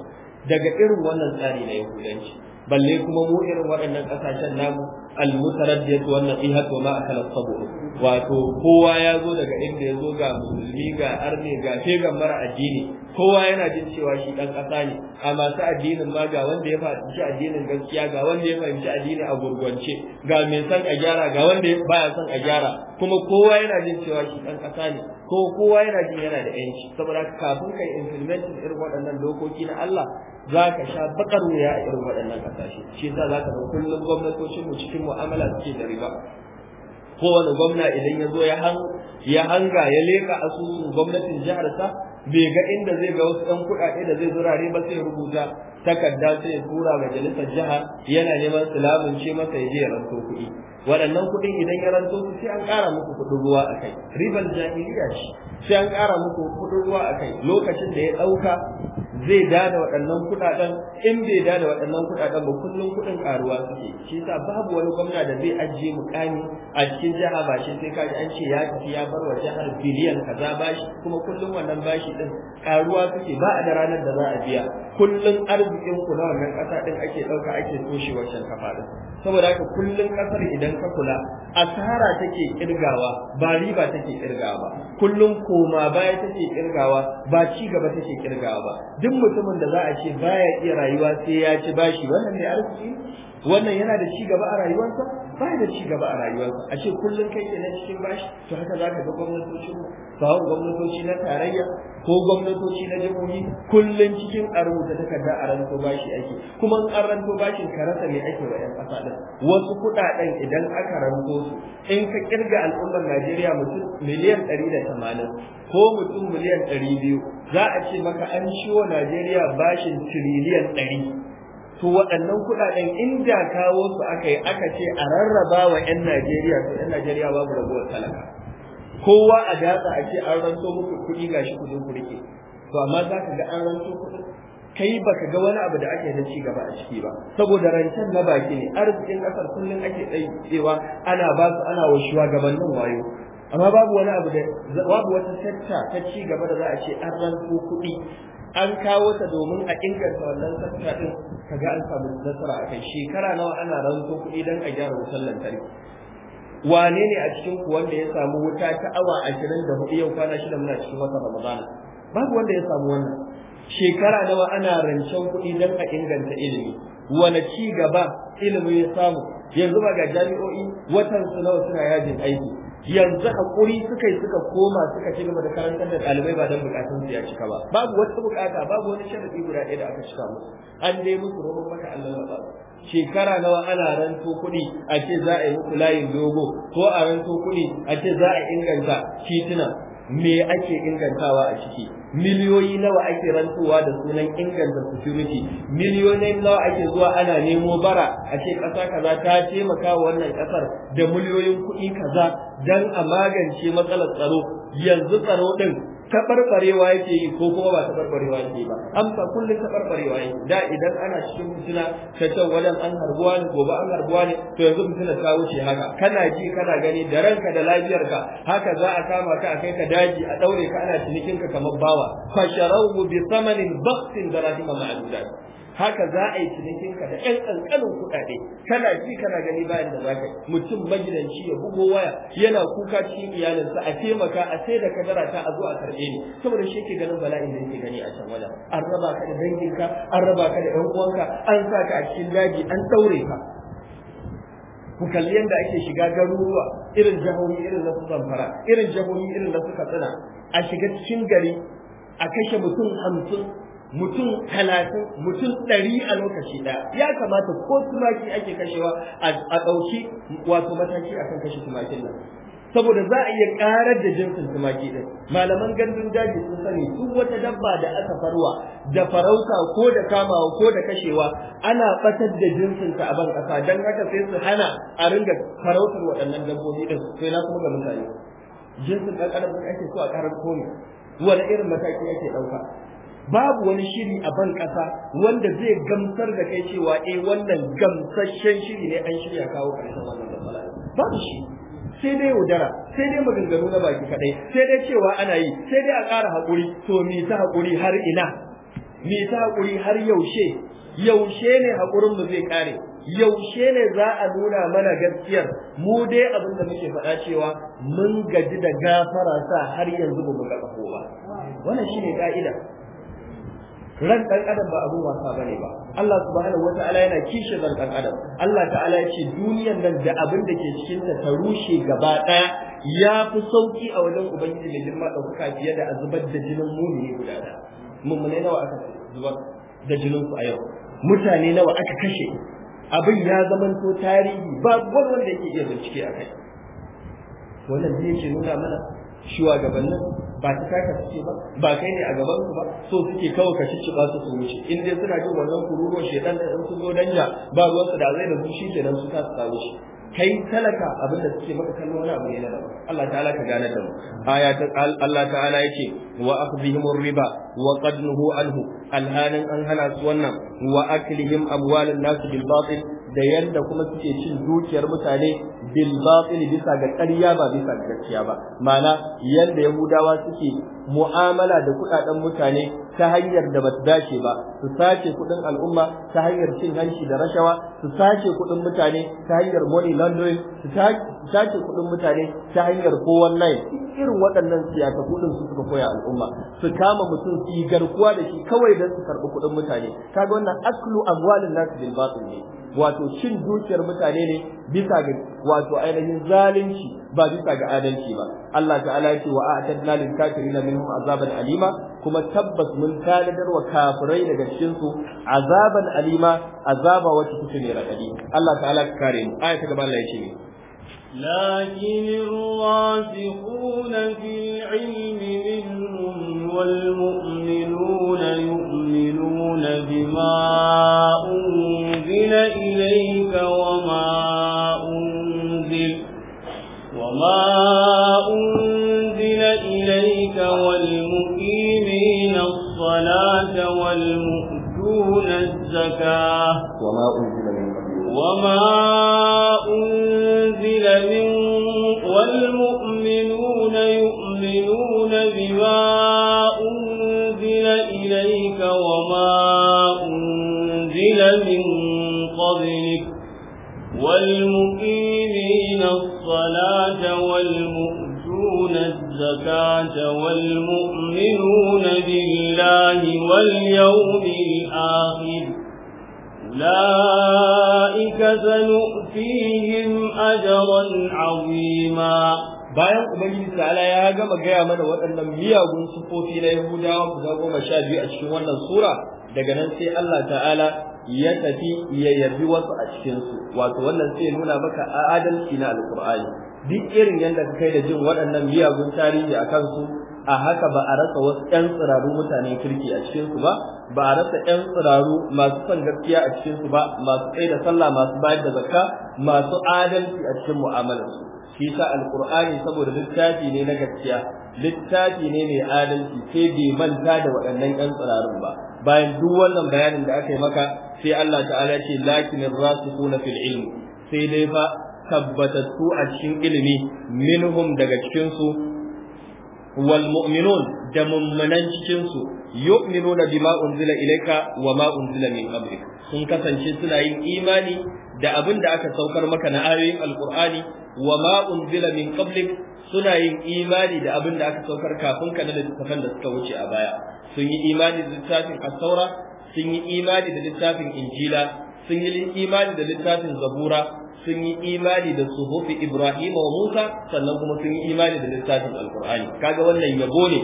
daga irin wannan tsari na yahudanci balle kuma mu irin waɗannan ƙasashen namu almutaraddiyatu wan nasihatu wa ma akala sabr wato kowa ya zo daga inda ya zo ga musulmi ga arne ga shegan mara addini kowa yana jin cewa shi dan ƙasa ne a masu addinin ma ga wanda ya fahimci addinin gaskiya ga wanda ya fahimci addini a gurgurance ga mai son a gyara ga wanda baya son a gyara kuma kowa yana jin cewa shi dan ƙasa ne ko kowa yana jin yana da yanci saboda kafin kai implementing irin waɗannan dokoki na Allah za ka sha bakar wuya a irin waɗannan ƙasashe shi yasa za ka ga kullum gwamnatocin mu cikin mu'amala suke da riba kowane gwamna idan ya zo ya han ya hanga ya leka asusun gwamnatin jihar sa bai ga inda zai ga wasu ɗan kuɗaɗe da zai zurare ba sai rubuta takarda sai ya tura majalisar jiha yana neman su ce masa ya je ya ranto kuɗi waɗannan kuɗin idan ya ranto su sai an ƙara muku kuɗin ruwa a kai ribar jahiliya ce sai an ƙara muku kuɗin ruwa a kai lokacin da ya ɗauka zai dada waɗannan kuɗaɗen in bai dada waɗannan kuɗaɗen ba kullum kuɗin karuwa suke shi yasa babu wani gwamna da zai ajiye mukami a cikin jiha ba shi sai kaji an ce ya tafi ya bar wa jihar biliyan kaza bashi kuma kullum wannan bashi din ƙaruwa suke ba a da ranar da za a biya kullun arzikin kula na wannan ƙasa ɗin ake ɗauka ake toshe wancan kafa din saboda haka kullun ƙasar idan ka kula asara take kirgawa ba riba take kirgawa ba kullun koma baya take kirgawa ba ci gaba take kirgawa ba duk mutumin da za a ce baya iya rayuwa sai ya ci bashi wannan ne arziki wannan yana da ci gaba a rayuwarsa ba da ci gaba a rayuwarsa ce kullum kai ke na cikin bashi to haka za ka ga gwamnatoci ba gwamnatoci na tarayya ko gwamnatoci na jihohi kullum cikin a rubuta takarda a ranto bashi ake kuma an ranto bashin ka rasa me ake wa 'yan ƙasa ɗin? wasu kuɗaɗen idan aka ranto su in ka kirga al'ummar Najeriya mutum miliyan ɗari da tamanin ko mutum miliyan ɗari biyu za a ce maka an ciwo Najeriya bashin tiriliyan ɗari to waɗannan kuɗaɗen inda kawo su aka yi aka ce a rarraba wa 'yan Najeriya to 'yan Najeriya babu rabuwar talaka kowa a datsa a ce an ranto muku kuɗi ga shi kuɗin ku rike to amma za ka ga an ranto kuɗi kai baka ga wani abu da ake na ci gaba a ciki ba saboda rancen na baki ne arzikin ƙasar kullum ake tsayewa ana ba su ana washewa gaban nan wayo amma babu wani abu da babu wata tatta ta ci gaba da za a ce an ranto kuɗi an kawo ta domin a inganta wannan tsafta din kaga an samu nasara a kai shekara nawa ana ranto kuɗi don a gyara wutar lantarki wane ne a cikin ku wanda ya samu wuta ta awa ashirin da hudu yau kwana shida muna cikin watan ramadana babu wanda ya samu wannan shekara nawa ana rancen kuɗi don a inganta ilimi wane ci gaba ilimi ya samu yanzu ba ga jami'o'i watan su nawa suna yajin aiki yanzu hakuri suka yi suka koma suka ci gaba da karantar da ɗalibai ba don bukatun su ya cika ba babu wata bukata babu wani sharadi guda ɗaya da aka cika musu an dai musu roman maka Allah ba shekara nawa ana ranto kuɗi a ce za a yi muku layin dogo ko a ranto kuɗi a ce za a inganta kituna me ake ingantawa a ciki miliyoyi nawa ake rantsuwa da sunan inganta security miliyoyi nawa ake zuwa ana nemo bara a ce ƙasa kaza ta taimaka wa wannan ƙasar da miliyoyin kuɗi kaza dan a magance matsalar tsaro yanzu tsaro ɗin tabarbarewa yake yi ko kuma ba tabarbarewa yake ba fa kullum tabarbarewa yake da idan ana cikin mutuna ta can wajen an harbuwa ne gobe an harbuwa ne to yanzu mutuna ta wuce haka kana ji kana gani da ranka da lafiyarka haka za a kama ka a kai ka daji a ɗaure ka ana cinikin ka kamar bawa fa bi samanin baqtin da rahima ma'adudat haka za a yi cinikin ka da ƴan ƙanƙanin kuɗaɗe kana ji kana gani bayan da zaka mutum magidanci ya bugo waya yana kuka cikin iyalinsa a taimaka a sai da kadara ta a zo a karɓe ni saboda shi yake ganin bala'in da yake gani a can wajen an raba ka da danginka an raba ka da ƴan uwanka an sa ka a cikin daji an ɗaure ka ku kalli yadda ake shiga garuruwa irin jahohi irin na su zamfara irin jahohi irin na su katsina a shiga cikin gari a kashe mutum hamsin mutum talatin mutum ɗari a lokaci ɗaya ya kamata ko tumaki ake kashewa a ɗauki wato mataki akan kashe tumakin nan saboda za a iya karar da jinsin tumaki ɗin, malaman gandun daji sun sani duk wata dabba da aka farwa da farauta ko da kamawa ko da kashewa ana batar da jinsin ta a ban don dan haka sai su hana a ringa farautar waɗannan dabbobi ɗin sai na kuma ga mutane jinsin ɗan adam ake so a karar komai wani irin mataki ake ɗauka babu wani shiri a ban ƙasa wanda zai gamsar da kai cewa e wannan gamsashen shiri ne an shirya kawo ƙarshen wannan matsala babu shi sai dai yaudara sai dai maganganu na baki kadai sai dai cewa ana yi sai dai a ƙara haƙuri to me ta haƙuri har ina me ta haƙuri har yaushe yaushe ne haƙurin mu zai ƙare yaushe ne za a nuna mana gaskiyar mu dai abin da muke faɗa cewa mun gaji da gafara sa har yanzu ba mu ga ba wannan shine ka'ida ran dan adam ba abun wasa bane ba Allah subhanahu wataala yana kishin ran dan adam Allah ta'ala ya ce duniyan nan da abin da ke cikin ta ta rushe gaba daya ya fi sauki a wajen ubangiji mai girma dauka fiye da azubar zubar da jinin mumini guda da. mummunai nawa aka zubar da jinin su a yau mutane nawa aka kashe abin ya zamanto tarihi ba gwal wanda yake iya bincike a kai wannan zai ke nuna mana shugabannin ba su kaka suke ba ba kai ne a gaban su ba so suke kawo ka ci ba su su wuce in dai suna jin wannan kururuwar shedan da sun zo danja ba ruwan su da zai da zuci kenan su ka kawo shi kai talaka abin da suke maka kallon wani abu ne na daban Allah ta'ala ka gane da mu aya ta Allah ta'ala yake wa akhdhihim riba wa qad nuhu anhu alhanan an hana su wannan wa aklihim amwalan nas bil batil da yanda kuma suke cin dukiyar mutane bil batil bisa ga ƙarya ba bisa ga gaskiya ba ma'ana yanda yahudawa suke mu'amala da kuɗaɗen mutane ta hanyar da bata dace ba su sace kuɗin al'umma ta hanyar cin hanci da rashawa su sace kuɗin mutane ta hanyar money laundering su sace kuɗin mutane ta hanyar kowan nai irin waɗannan siyasa kuɗin su suka koya al'umma su kama mutum su yi garkuwa da shi kawai don su karɓi kuɗin mutane kaga wannan aklu amwalin nasu bil batil ne wato cin dukiyar mutane ne bisa ga wato ainihin zalunci ba bisa ga adalci ba Allah ta'ala ya ce wa a'tadna lil kafirina minhum azaban alima kuma tabbas mun tanadar wa kafirai daga cikin su azaban alima azaba wacce take ne radadi Allah ta'ala ka kare mu aya ta gaba Allah ya ce ne لكن الراسخون في العلم منهم والمؤمنون يؤمنون بما أنزل إليك وما أنزل وما أنزل إليك والمقيمين الصلاة والمؤتون الزكاة وما أنزل من وما أنزل من والمؤمنون يؤمنون بما الزكاة والمؤمنون بالله واليوم الآخر أولئك سنؤتيهم أجرا عظيما bayan ubangiji ta'ala ya gama gaya mana waɗannan miyagun sufofi na yahudawa guda goma sha biyu a cikin wannan sura daga nan sai Allah ta'ala ya tafi ya yabi wasu a cikinsu wato wannan sai nuna maka adalci na alkur'ani duk irin yadda ka kai da jin waɗannan miyagun tarihi a kansu a haka ba a rasa wasu 'yan tsiraru mutane kirki a cikinsu ba ba a rasa ƴan tsiraru masu son gaskiya a cikinsu ba masu tsaye da sallah masu bayar da zakka masu adalci a cikin mu'amalarsu shi sa alqur'ani saboda littafi ne na gaskiya littafi ne mai adalci sai bai manta da waɗannan ƴan tsirarun ba bayan duk wannan bayanin da aka yi maka sai Allah ta'ala ce lakin rasikuna fil ilm sai dai fa tabbatattu a cikin ilimi minhum daga cikinsu wal mu'minun da mummunan cikinsu yu'minuna bima unzila ilayka wa ma unzila min qablik sun kasance suna yin imani da abin da aka saukar maka na ayoyin alqur'ani wa ma unzila min qablik suna yin imani da abin da aka saukar kafin ka na littafan da suka wuce a baya sun yi imani da littafin as-saura sun yi imani da littafin injila sun yi imani da littafin zabura sun yi imani da suhufi ibrahim wa musa sannan kuma sun yi imani da littafin alkur'ani kaga wannan yabo ne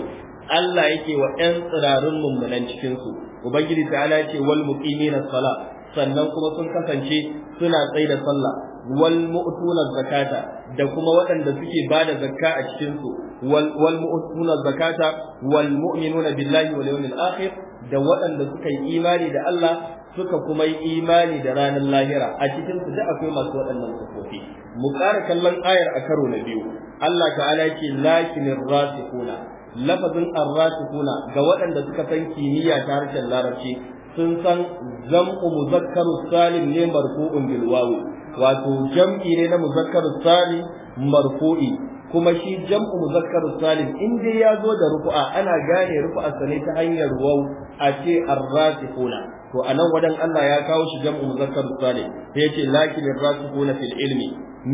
Allah yake wa ƴan tsirarun mummunan cikin su ubangiji ta'ala yake wal muqimina sala sannan kuma sun kasance suna tsaye da sallah wal mu'tuna zakata da kuma waɗanda suke bada zakka a cikin su wal mu'tuna zakata wal mu'minuna billahi wal yawmil akhir da waɗanda suka yi imani da Allah suka kuma yi imani da ranar lahira a cikin su da akwai masu waɗannan sufofi mu ƙara kallon ayar a karo na biyu Allah ta'ala yake lakinir rasikuna lafazin arrasikuna ga waɗanda suka san kimiyya ta harshen larabci sun san zam'u muzakkaru salim ne marfu'un bil wawu wato jam'i ne na muzakkaru salim marfu'i kuma shi jam'u muzakkar salim in dai ya zo da rufu'a ana gane rufu'a sane ta hanyar waw a ce arrasikuna to anan wadan Allah ya kawo shi jam'u muzakkar salim sai yace lakin arrasikuna fil ilmi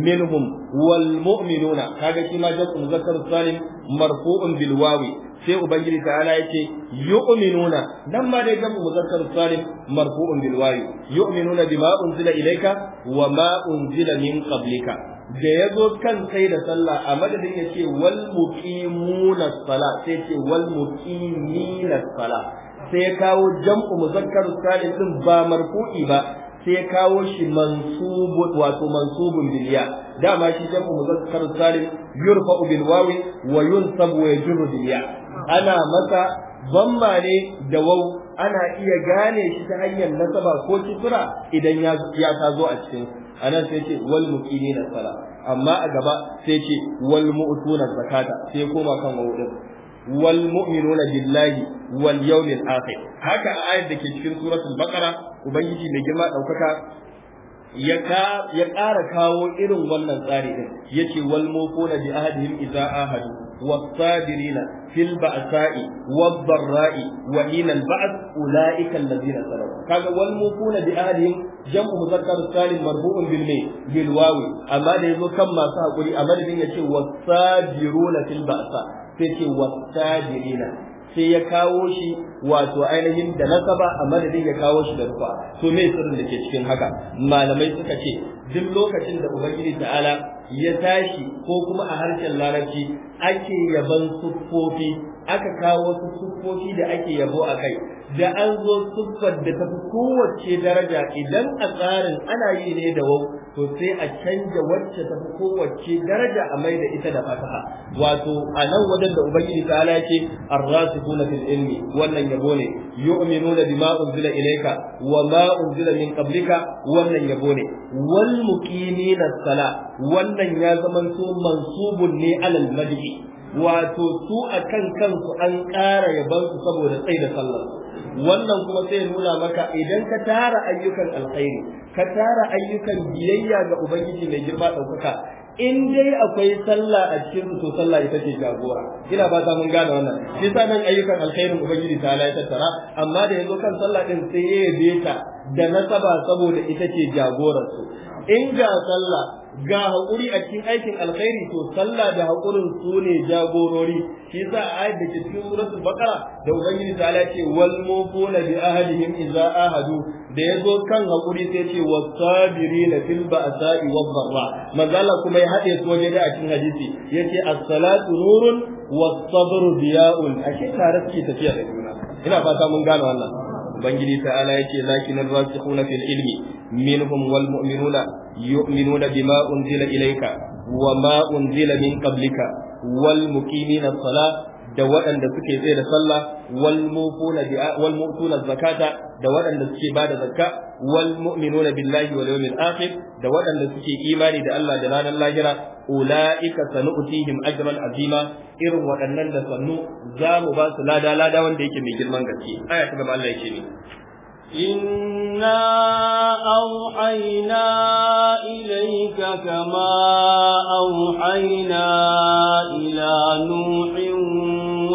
minhum wal mu'minuna kaga shi ma jam'u muzakkar salim marfu'un bil wawi sai ubangiji ta'ala yace yu'minuna nan ma dai jam'u muzakkar salim marfu'un bil wawi yu'minuna bima unzila ilayka wa ma unzila min qablika da ya zo kan sai da sallah a madadin ya ce wal muqimuna sala sai ce wal muqimina sala sai ya kawo jam'u muzakkar salim din ba marfu'i ba sai ya kawo shi wato mansubun biliya dama shi jam'u muzakkar salim yurfa'u bil wawi wa yunsabu wa yajru biliya ana masa bamma ne da waw ana iya gane shi ta hanyar nasaba ko kisra idan ya ya tazo a cikin anan sai ce wal muqimina sala amma a gaba sai ce wal mu'tuna zakata sai koma kan wawu wal mu'minuna billahi wal yawmil akhir haka a ayat da ke cikin suratul baqara ubangiji mai girma daukaka ya ya ƙara kawo irin wannan tsari din yace wal mu'tuna bi ahadihim idza ahadu والصابرين في البأساء والضراء وحين البعث أولئك الذين صدقوا كان والموفون بأهلهم جمع مذكر سالم مرفوع بالمي بالواو أما لذو كما سأقولي أما لذين يشي والصابرون في البأساء تشي والصابرين sai ya kawo shi wato ainihin da nasaba a madadin ya kawo shi da rufa to me sirrin da ke cikin haka malamai suka ce duk lokacin da ubangiji ta'ala ya tashi ko kuma a harshen larabci ake yaban siffofi aka kawo su siffofi da ake yabo a kai da an zo siffar da ta fi kowace daraja idan a tsarin ana yi ne da wau to sai a canja wacce ta fi kowace daraja a mai da ita da fasaha wato a nan wajen da ubangiji ta ala ce arrasikuna fil ilmi wannan yabo ne yu'minuna bima unzila ilayka wa ma unzila min qablika wannan yabo ne wal muqimina sala wannan ya zama so mansubun ne alal madhi wato su akan kansu an ƙara yabansu saboda tsaida sallar wannan kuma sai nuna maka idan ka tara ayyukan alkhairi ka tara ayyukan biyayya ga ubangiji mai girma daukaka in dai akwai sallah a cikin su to sallah ita ce jagora ina ba za mun gane wannan shi sa nan ayyukan alkhairin ubangiji ta ala ya tattara amma da yanzu kan sallah din sai ya yabe ta da nasaba saboda ita ce jagoran su in ga sallah ga haƙuri a cikin aikin alkhairi to sallah da haƙurin su ne jagorori shi yasa a ayat da ke cikin suratul baqara da ubangiji ta ala ce wal mufuna bi ahlihim idza ahadu da yazo kan haƙuri sai ce wasabirina fil ba'sa'i wad dharra manzala kuma ya hade su waje da a cikin hadisi yace as-salatu nurun was-sabru diya'un ashe tare suke tafiya da juna ina fata mun gane wannan ubangiji ta'ala yace lakin ar-rasikhuna fil ilmi minhum wal mu'minuna yu'minuna bima unzila ilayka wa ma unzila min qablika wal muqimina as da waɗanda suke tsaye da sallah wal mufuna bi wal mutuna zakata da waɗanda suke bada zakka wal mu'minuna billahi wal yawmil akhir da waɗanda suke imani da Allah da ranar lahira ulaika sanu'tihim ajran azima irin waɗannan da sannu za mu ba su lada lada wanda yake mai girman gaske aya ta gaba Allah yake ne إنا أوحينا إليك كما أوحينا إلى نوح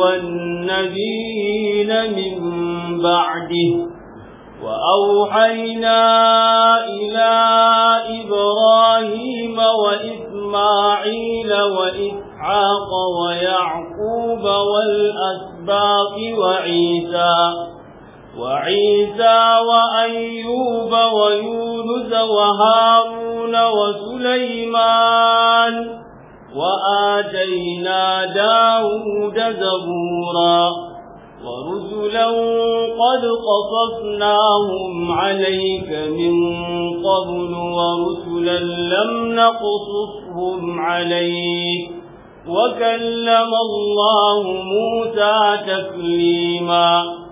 والنبيين من بعده وأوحينا إلى إبراهيم وإسماعيل وإسحاق ويعقوب والأسباط وعيسى وعيسى وأيوب ويونس وهارون وسليمان وآتينا داود زبورا ورسلا قد قصصناهم عليك من قبل ورسلا لم نقصصهم عليك وكلم الله موسى تكليماً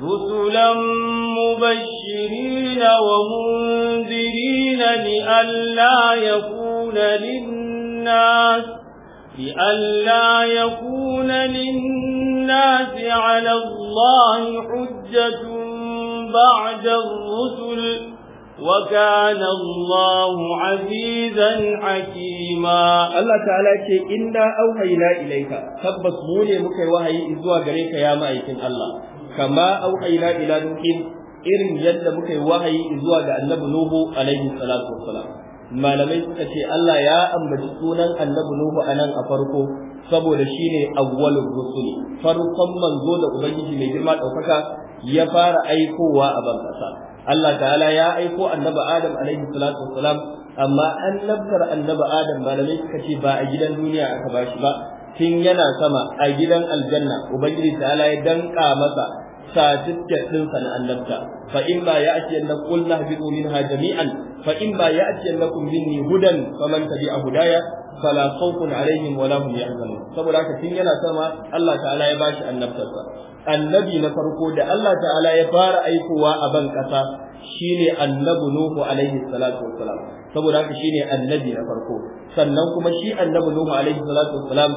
رسلا مبشرين ومنذرين لئلا يكون للناس لئلا يكون للناس على الله حجة بعد الرسل وكان الله عزيزا حكيما الله تعالى ce inna auhayna ilayka tabbas mu ne muka yi wahayi zuwa gare ka ya ma'aikin Allah kama auhayna ila nuhin irin yadda muka yi wahayi zuwa ga annabi nuhu alaihi salatu wassalam malamai suka ce Allah ya ambaci sunan annabi nuhu anan a farko saboda shine awwalur rusul farkon manzo da ubangiji mai girma daukaka ya fara aikowa a ban kasa Allah ta'ala ya aiko annabi Adam alaihi salatu wassalam amma an annabtar annabi Adam malamai suka ce ba a gidan duniya aka bashi ba tun yana sama a gidan aljanna ubangiji ta'ala ya danka masa certificate ɗinsa na annabta fa in ba ya ake na kulna habibu ha jami'an fa in ba ya ake na kun minni hudan faman tabi a hudaya fala khawfun alaihim wala hum yahzanun saboda haka tun yana sama Allah ta'ala ya bashi annabtarsa annabi na farko da Allah ta'ala ya fara aikowa a ban kasa shine Annabu nuhu alaihi salatu wassalam saboda haka shine annabi na farko sannan kuma shi annabi Nuhu alaihi salatu wassalam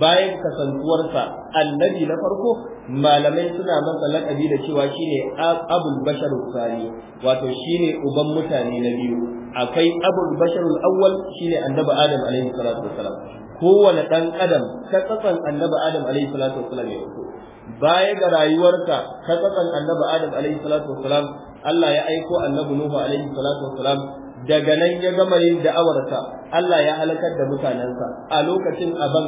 bayan kasantuwarsa annabi na farko malamai suna masa laƙabi da cewa shine abul bashar sani wato shine uban mutane na biyu akwai abul bashar awwal shine annabi adam alaihi salatu wassalam kowane dan adam ka tsatsan annabi adam alaihi salatu wassalam ya fito baya ga rayuwarsa ka tsatsan annabi adam alaihi salatu wassalam Allah ya aiko annabi Nuhu alaihi salatu wassalam daga nan ya gama yin da'awarsa Allah ya halakar da mutanensa a lokacin a ban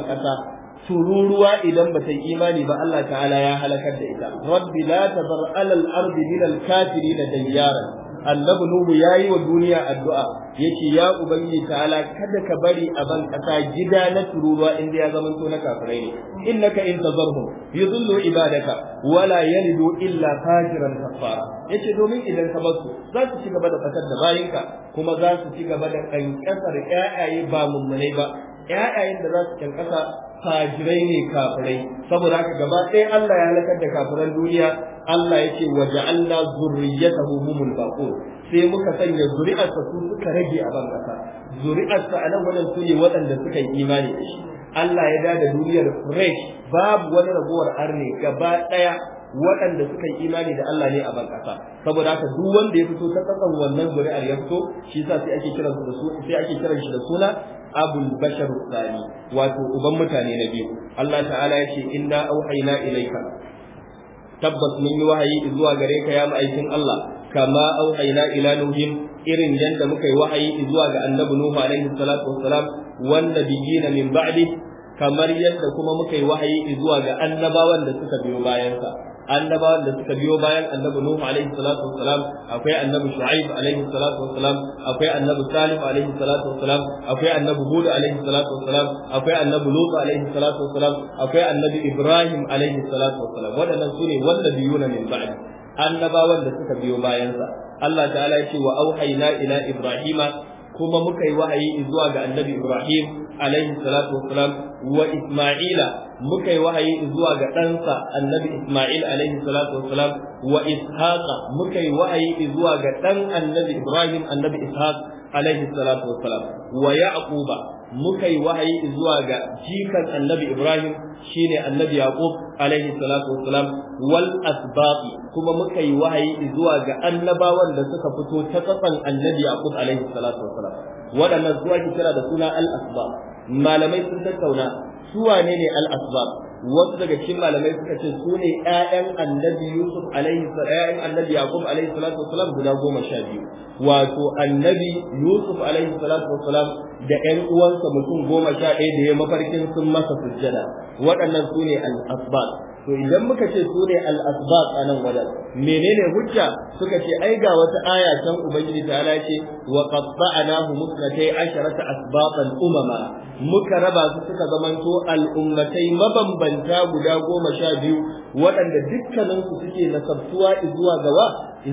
tururuwa idan ba ta imani ba Allah ta'ala ya halakar da ita rabbi la tazar alal ardi min al kafirin yaron. annabi nuhu yayi wa duniya addu'a yace ya ubangi ta'ala kada ka bari a ban kasa gida na tururuwa inda ya zama to na kafirai ne innaka in tazarhum yudhillu ibadaka wala yalidu illa fajiran kafara yace domin idan ka barsu su za su ci gaba da fatar da bayinka kuma za su ci gaba da kankasar ƴaƴaye ba mummunai ba ƴaƴayen da za su kyankasa fajirai ne kafirai saboda haka gaba ɗaya Allah ya halakar da kafiran duniya Allah ya ce wa ja'alna zurriyatahu humul baqur sai muka sanya zuri'arsa su suka rage a ban ƙasa zuri'arsa a nan wajen su ne waɗanda suka yi imani da shi Allah ya dada duniyar fresh babu wani ragowar arne gaba ɗaya waɗanda suka yi imani da Allah ne a ban ƙasa saboda haka duk wanda ya fito ta tsakan wannan zuri'ar ya fito shi yasa sai ake kiran da su sai ake kiran shi da suna abul bashar tsani wato uban mutane na biyu Allah ta'ala ya ce inna auhayna ilayka tabbas mun yi wahayi zuwa gare ka ya ma'aikin Allah kama auhayna ila nuhin irin yadda muka yi wahayi zuwa ga annabi nuhu alaihi salatu wassalam wanda biyina min ba'di kamar yadda kuma muka yi wahayi zuwa ga annabawan da suka biyo bayansa annabawan da suka biyo bayan annabi Nuhu alaihi salatu wassalam akwai annabi Shu'aib alaihi salatu wassalam akwai annabi Salih alaihi salatu wassalam akwai annabi Hud alaihi salatu wassalam akwai annabi Lut alaihi salatu wassalam akwai annabi Ibrahim alaihi salatu wassalam waɗannan sune wallabiyuna min ba'di annabawan da suka biyo bayansa Allah ta'ala ya ce wa auhayna ila Ibrahima kuma muka yi wahayi zuwa ga annabi Ibrahim alaihi salatu wassalam wa isma'ila muka yi wahayi zuwa ga ɗansa annabi isma'il alaihi salatu wassalam wa ishaqa muka yi wahayi zuwa ga ɗan annabi ibrahim annabi ishaq alaihi salatu wassalam wa yaquba muka yi wahayi zuwa ga jikan annabi ibrahim shine annabi yaqub alaihi salatu wassalam wal asbaqi kuma muka yi wahayi zuwa ga annabawan da suka fito ta kafan annabi yaqub alaihi salatu wassalam waɗannan zuwa ki kira da suna al malamai sun tattauna su wane ne al wasu daga cikin malamai suka ce su ne ƴaƴan annabi Yusuf alaihi ƴaƴan annabi Yaqub alaihi salatu wasalam guda goma sha biyu wato annabi Yusuf alaihi salatu wasalam da 'yan uwansa mutum goma sha ɗaya da ya mafarkin sun masa sujjada waɗannan su ne al to idan muka ce su ne al-asbab a nan wajen menene hujja suka ce ai ga wata aya can ubangiji ta ala ce wa qatta'nahu musnatai asharata asbaban umama muka raba su suka zamanto al-ummatai mabambanta guda goma sha biyu waɗanda dukkaninsu suke nasabtuwa zuwa gawa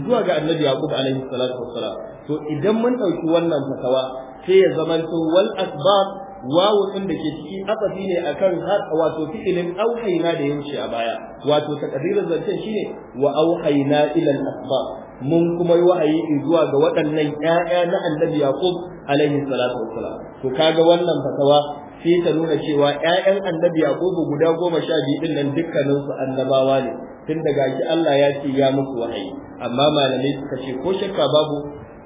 zuwa ga annabi yaqub alaihi salatu wassalam to idan mun ɗauki wannan fatawa sai ya zamanto wal asbab wawu din da ke ciki asafi ne akan wato fi'ilin auhayna da wuce a baya wato takdirin zancen ne wa auhayna ila al-asbab mun kuma yi wahayi zuwa ga waɗannan ƴaƴa na annabi yaqub alaihi salatu wassalam to kaga wannan fatawa sai ta nuna cewa ƴaƴan annabi yaqub guda goma sha biyu din nan dukkaninsu annabawa ne tun daga shi Allah ya ce ya muku wahayi amma malamai suka ce ko shakka babu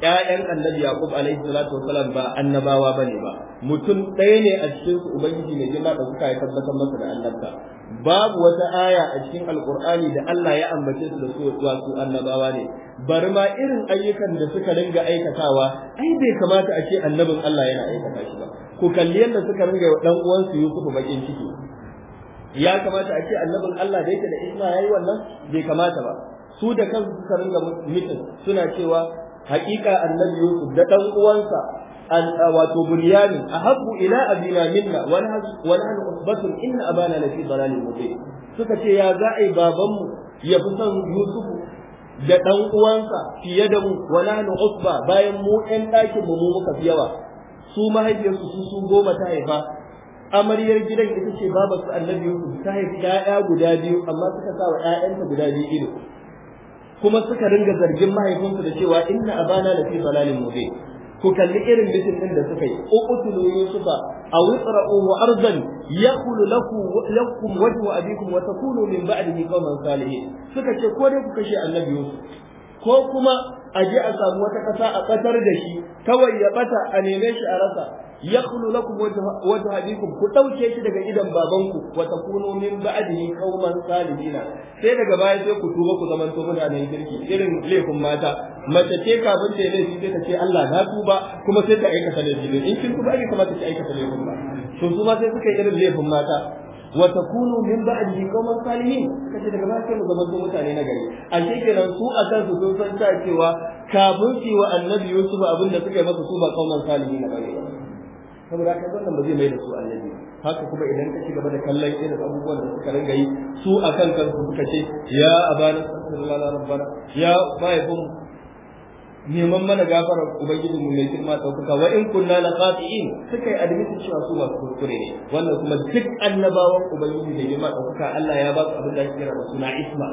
ƴaƴan annabi yaqub alayhi salatu wasalam ba annabawa bane ba mutum ɗaya ne a cikin su ubangiji ne girma da suka yi tabbatar masa da annabta babu wata aya a cikin alqur'ani da Allah ya ambace su da su wasu annabawa ne bari ma irin ayyukan da suka ringa aikatawa ai bai kamata a ce annabin Allah yana aikata shi ba ku kalli yadda suka ringa wa dan uwansu Yusuf bakin ciki ya kamata a ce annabin Allah da yake da isma yayi wannan bai kamata ba su da kansu suka ringa mutum suna cewa hakika annabi yusuf da dan uwansa wato bunyani ahabbu ila abina minna wani nahnu usbatun inna abana lafi dalalin mubin suka ce ya za yi babanmu ya fi son yusuf da ɗan uwansa fiye da mu wa nahnu usba bayan mu ɗan ɗakin mu muka fi yawa su mahaifiyarsu su sun goma ta haifa amaryar gidan ita ce babarsu annabi Yusuf ta haifi ƴaƴa guda biyu amma suka sa wa ƴaƴanta guda biyu ido kuma suka ringa zargin mahaifinsu da cewa inna abana la fi dalalin mubin ku kalli irin bitin din da suka yi uqtulu yusufa aw isra'uhu ardan yaqul lakum lakum wajhu abikum wa takunu min ba'dihi qauman salihin suka ce ko dai ku kashe annabi yusuf ko kuma a je a samu wata kasa a ƙasar da shi kawai ya bata a neme shi a rasa yakhlu ku wata abikum ku ɗauke shi daga idan babanku wa takunu min ba'dihi qauman salihina sai daga baya sai ku tuba ku zaman to mutanen kirki irin laifin mata mace ce kafin ta laifi sai ta ce Allah na tuba kuma sai ta aikata laifi in kin tuba ne kamata ki aikata laifin ba to su ma sai suka yi irin laifin mata wa takunu min ba'dihi qauman salihin kace daga ba sai mu zama su mutane na gari A kenan su a kan su sun san cewa kafin wa annabi Yusuf abinda suka yi masa su ba qauman salihin ba ne. saboda ka wannan ba zai mai da su annabi haka kuma idan ka ci gaba da kallon irin abubuwan da suka ranga yi su akan kansu suka ce ya abana sallallahu alaihi rabbana ya baibun neman mana gafarar mu mai girma ɗaukaka wa in kunna la qati'in suka yi admitin cewa su masu kuskure ne wannan kuma duk annabawan ubangiji da girma ɗaukaka Allah ya ba su abin da ake kira suna isma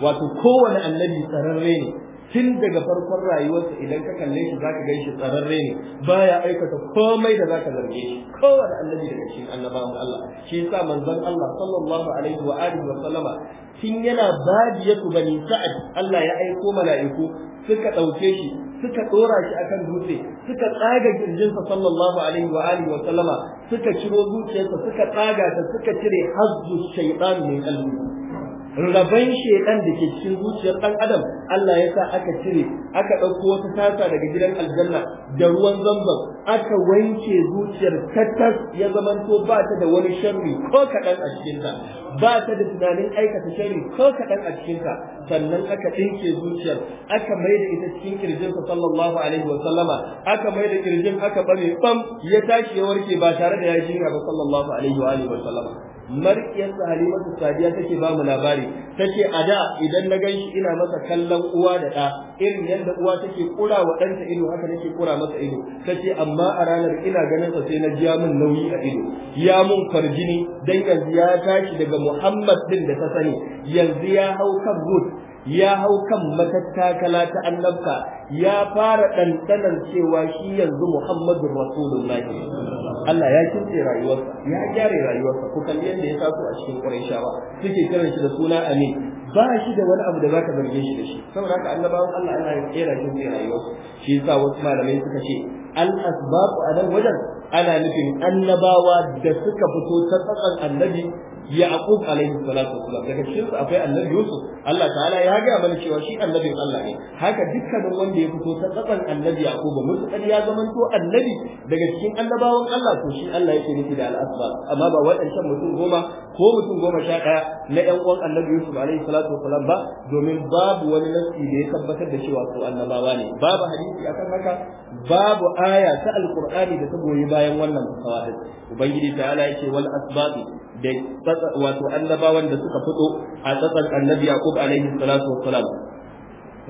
wato kowane annabi tsararre tun daga farkon rayuwarsa idan ka kalle shi zaka gan shi tsararre ne baya aikata komai da zaka zarge shi kowane annabi daga cikin annabawan Allah shi yasa manzon Allah sallallahu alaihi wa alihi wa sallama tun yana badiyatu bani sa'ad Allah ya aiko mala'iku suka dauke shi suka dora shi akan dutse suka tsaga kirjinsa sallallahu alaihi wa alihi wa sallama suka ciro zuciyarsa suka tsaga ta suka cire hazzu shaytan min qalbi raban shedan da ke cikin zuciyar ɗan adam Allah ya sa aka cire aka ɗauko wata tasa daga gidan aljanna da ruwan zamzam aka wanke zuciyar tattas ya zamanto ba ta da wani sharri ko kaɗan a cikinta ba ta da tunanin aikata sharri ko kaɗan a cikinta sannan aka ɗinke zuciyar aka mai da ita cikin kirjinsa sallallahu alaihi wa sallama aka mai da kirjin aka ɓame ɓam ya tashi ya warke ba tare da ya jinya ba sallallahu alaihi wa sallama marƙiyar halimatu sadiya take ba mu labari tace a da idan na gan shi ina masa kallon uwa da ɗa irin yadda uwa take kura wa ɗanta ido haka nake kura masa ido tace amma a ranar ina ganin sa sai na jiya mun nauyi a ido ya mun farjini dan yanzu ya tashi daga Muhammad din da ta sani yanzu ya hau kan ya hau kan matattakala ta annabta ya fara ɗanɗanar cewa shi yanzu Muhammadun Rasulullah Allah ya kince rayuwarsa ya gyara rayuwarsa ko kan yadda ya taso a cikin Qurayshawa suke kiran shi da suna Amin ba shi da wani abu da zaka zarge shi da shi saboda haka annabawan Allah yana kera kince rayuwarsa, shi yasa wasu malamai suka ce al asbab a nan wajen ana nufin annabawa da suka fito ta tsakan annabi yaqub alaihi salatu wasalam daga cikin su akwai annabi yusuf Allah ta'ala ya ga mana cewa shi annabin Allah ne haka dukkanin wanda ya fito ta tsakan annabi yaqub mutakar ya zamanto annabi daga cikin annabawan Allah to shi Allah yake nufi da al'asbab amma ba waɗancan mutum goma ko mutum goma sha ɗaya na ƴan uwan annabi yusuf alaihi salatu wasalam ba domin babu wani nasi da ya tabbatar da cewa su annabawa ne babu hadisi akan haka babu aya ta al alqur'ani da ta goyi ba bayan wannan fawaid ubangiji ta'ala yake wal asbabi da wato annabawan da suka fito a tsatsar annabi yaqub alaihi salatu wassalam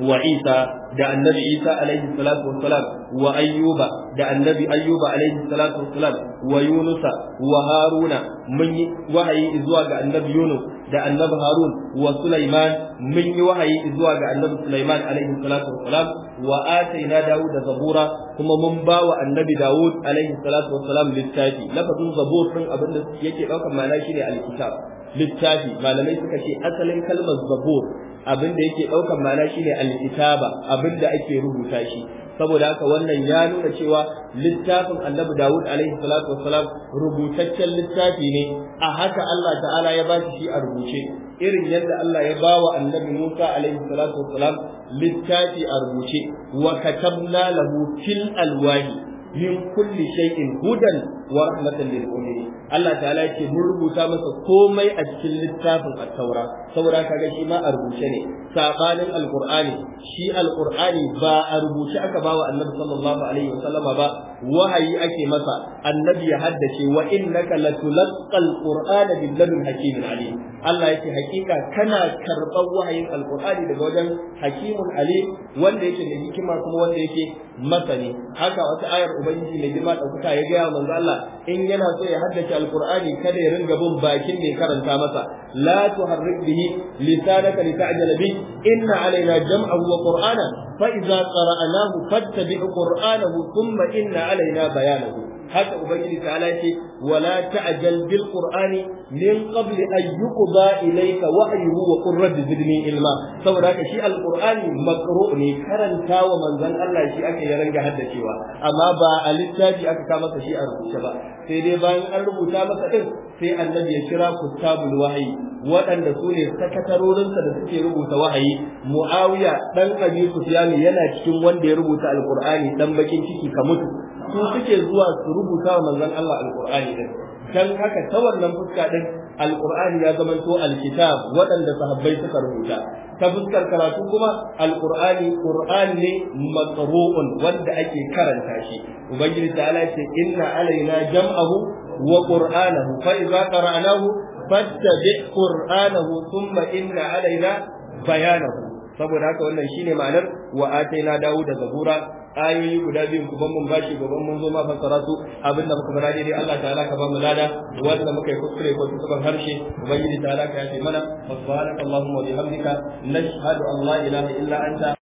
wa isa da annabi isa alaihi salatu wassalam wa ayyuba da annabi ayyuba alaihi salatu wassalam wa yunusa wa haruna mun yi wahayi zuwa ga annabi yunus da annabi harun wa sulaiman mun yi wahayi zuwa ga annabi sulaiman alaihi salatu wassalam wa ataina daud da zabura kuma mun ba wa annabi daud alaihi salatu wassalam littafi lafazin zabur din abin da yake daukar ma'ana shine alkitab littafi malamai suka ce asalin kalmar zabur abin da yake ɗaukar mana shine alkitaba abin da ake rubuta shi saboda haka wannan ya nuna cewa littafin annabi dawud alaihi salatu wassalam rubutaccen littafi ne a haka allah ta'ala ya bashi shi a rubuce irin yadda allah ya ba wa annabi musa alaihi salatu wassalam littafi a rubuce wa katabna lahu fil alwahi min kulli shay'in hudan wa rahmatan lil mu'minin Allah ta'ala yake mun rubuta masa komai a cikin littafin at-taura saura kaga shi ma a rubuce ne sabanin alqur'ani shi alqur'ani ba a rubuce aka bawa annabi sallallahu alaihi wasallama ba wahayi ake masa annabi ya haddace wa innaka latulqal qur'ana bil ladun hakimin alim Allah yake hakika kana karɓar wahayin alqur'ani daga wajen hakimun alim wanda yake da hikima kuma wanda yake masani haka wata ayar ubangiji mai girma ɗaukaka ya gaya manzo Allah in yana so ya haddace alqur'ani kada ya ringa bin bakin mai karanta masa la tuharrik bihi lisanaka lita'jala bi inna alaina jam'ahu wa qur'ana fa idza qara'nahu fattabi' qur'anahu thumma inna alaina bayanahu haka ubangiji ta ala ce wala ta'jal bil qur'ani min qabli an yuqda ilayka wahyuhu wa qur rabbi zidni ilma saboda haka shi alqur'ani makru ne karanta wa manzon Allah shi ake ya ranga haddacewa amma ba a littafi aka ka masa shi a rubuce ba sai dai bayan an rubuta masa din sai annabi ya kira kutabul wahyi waɗanda su ne sakatarorinsa da suke rubuta wahayi mu'awiya ɗan abi sufyan yana cikin wanda ya rubuta alqur'ani dan bakin ciki ka mutu su suke zuwa su rubuta wa manzon Allah alqur'ani din dan haka ta wannan fuska din alqur'ani ya zamanto alkitab waɗanda sahabbai suka rubuta ta fuskar karatu kuma alqur'ani qur'an ne matru'un wanda ake karanta shi ubangiji ala ce inna alaina jam'ahu wa qur'anahu fa idza qara'nahu fattabi qur'anahu thumma inna alaina bayanahu saboda haka wannan shine ma'anar wa na dawo daga zabura ayoyi guda biyu ku ban mun bashi gaban mun zo ma fassara su abinda muka fara daidai Allah ta'ala ka ba mu lada wanda muka yi kuskure ko tuban harshe ubangiji ta'ala ka yafe mana subhanakallahumma wa bihamdika nashhadu an la ilaha illa anta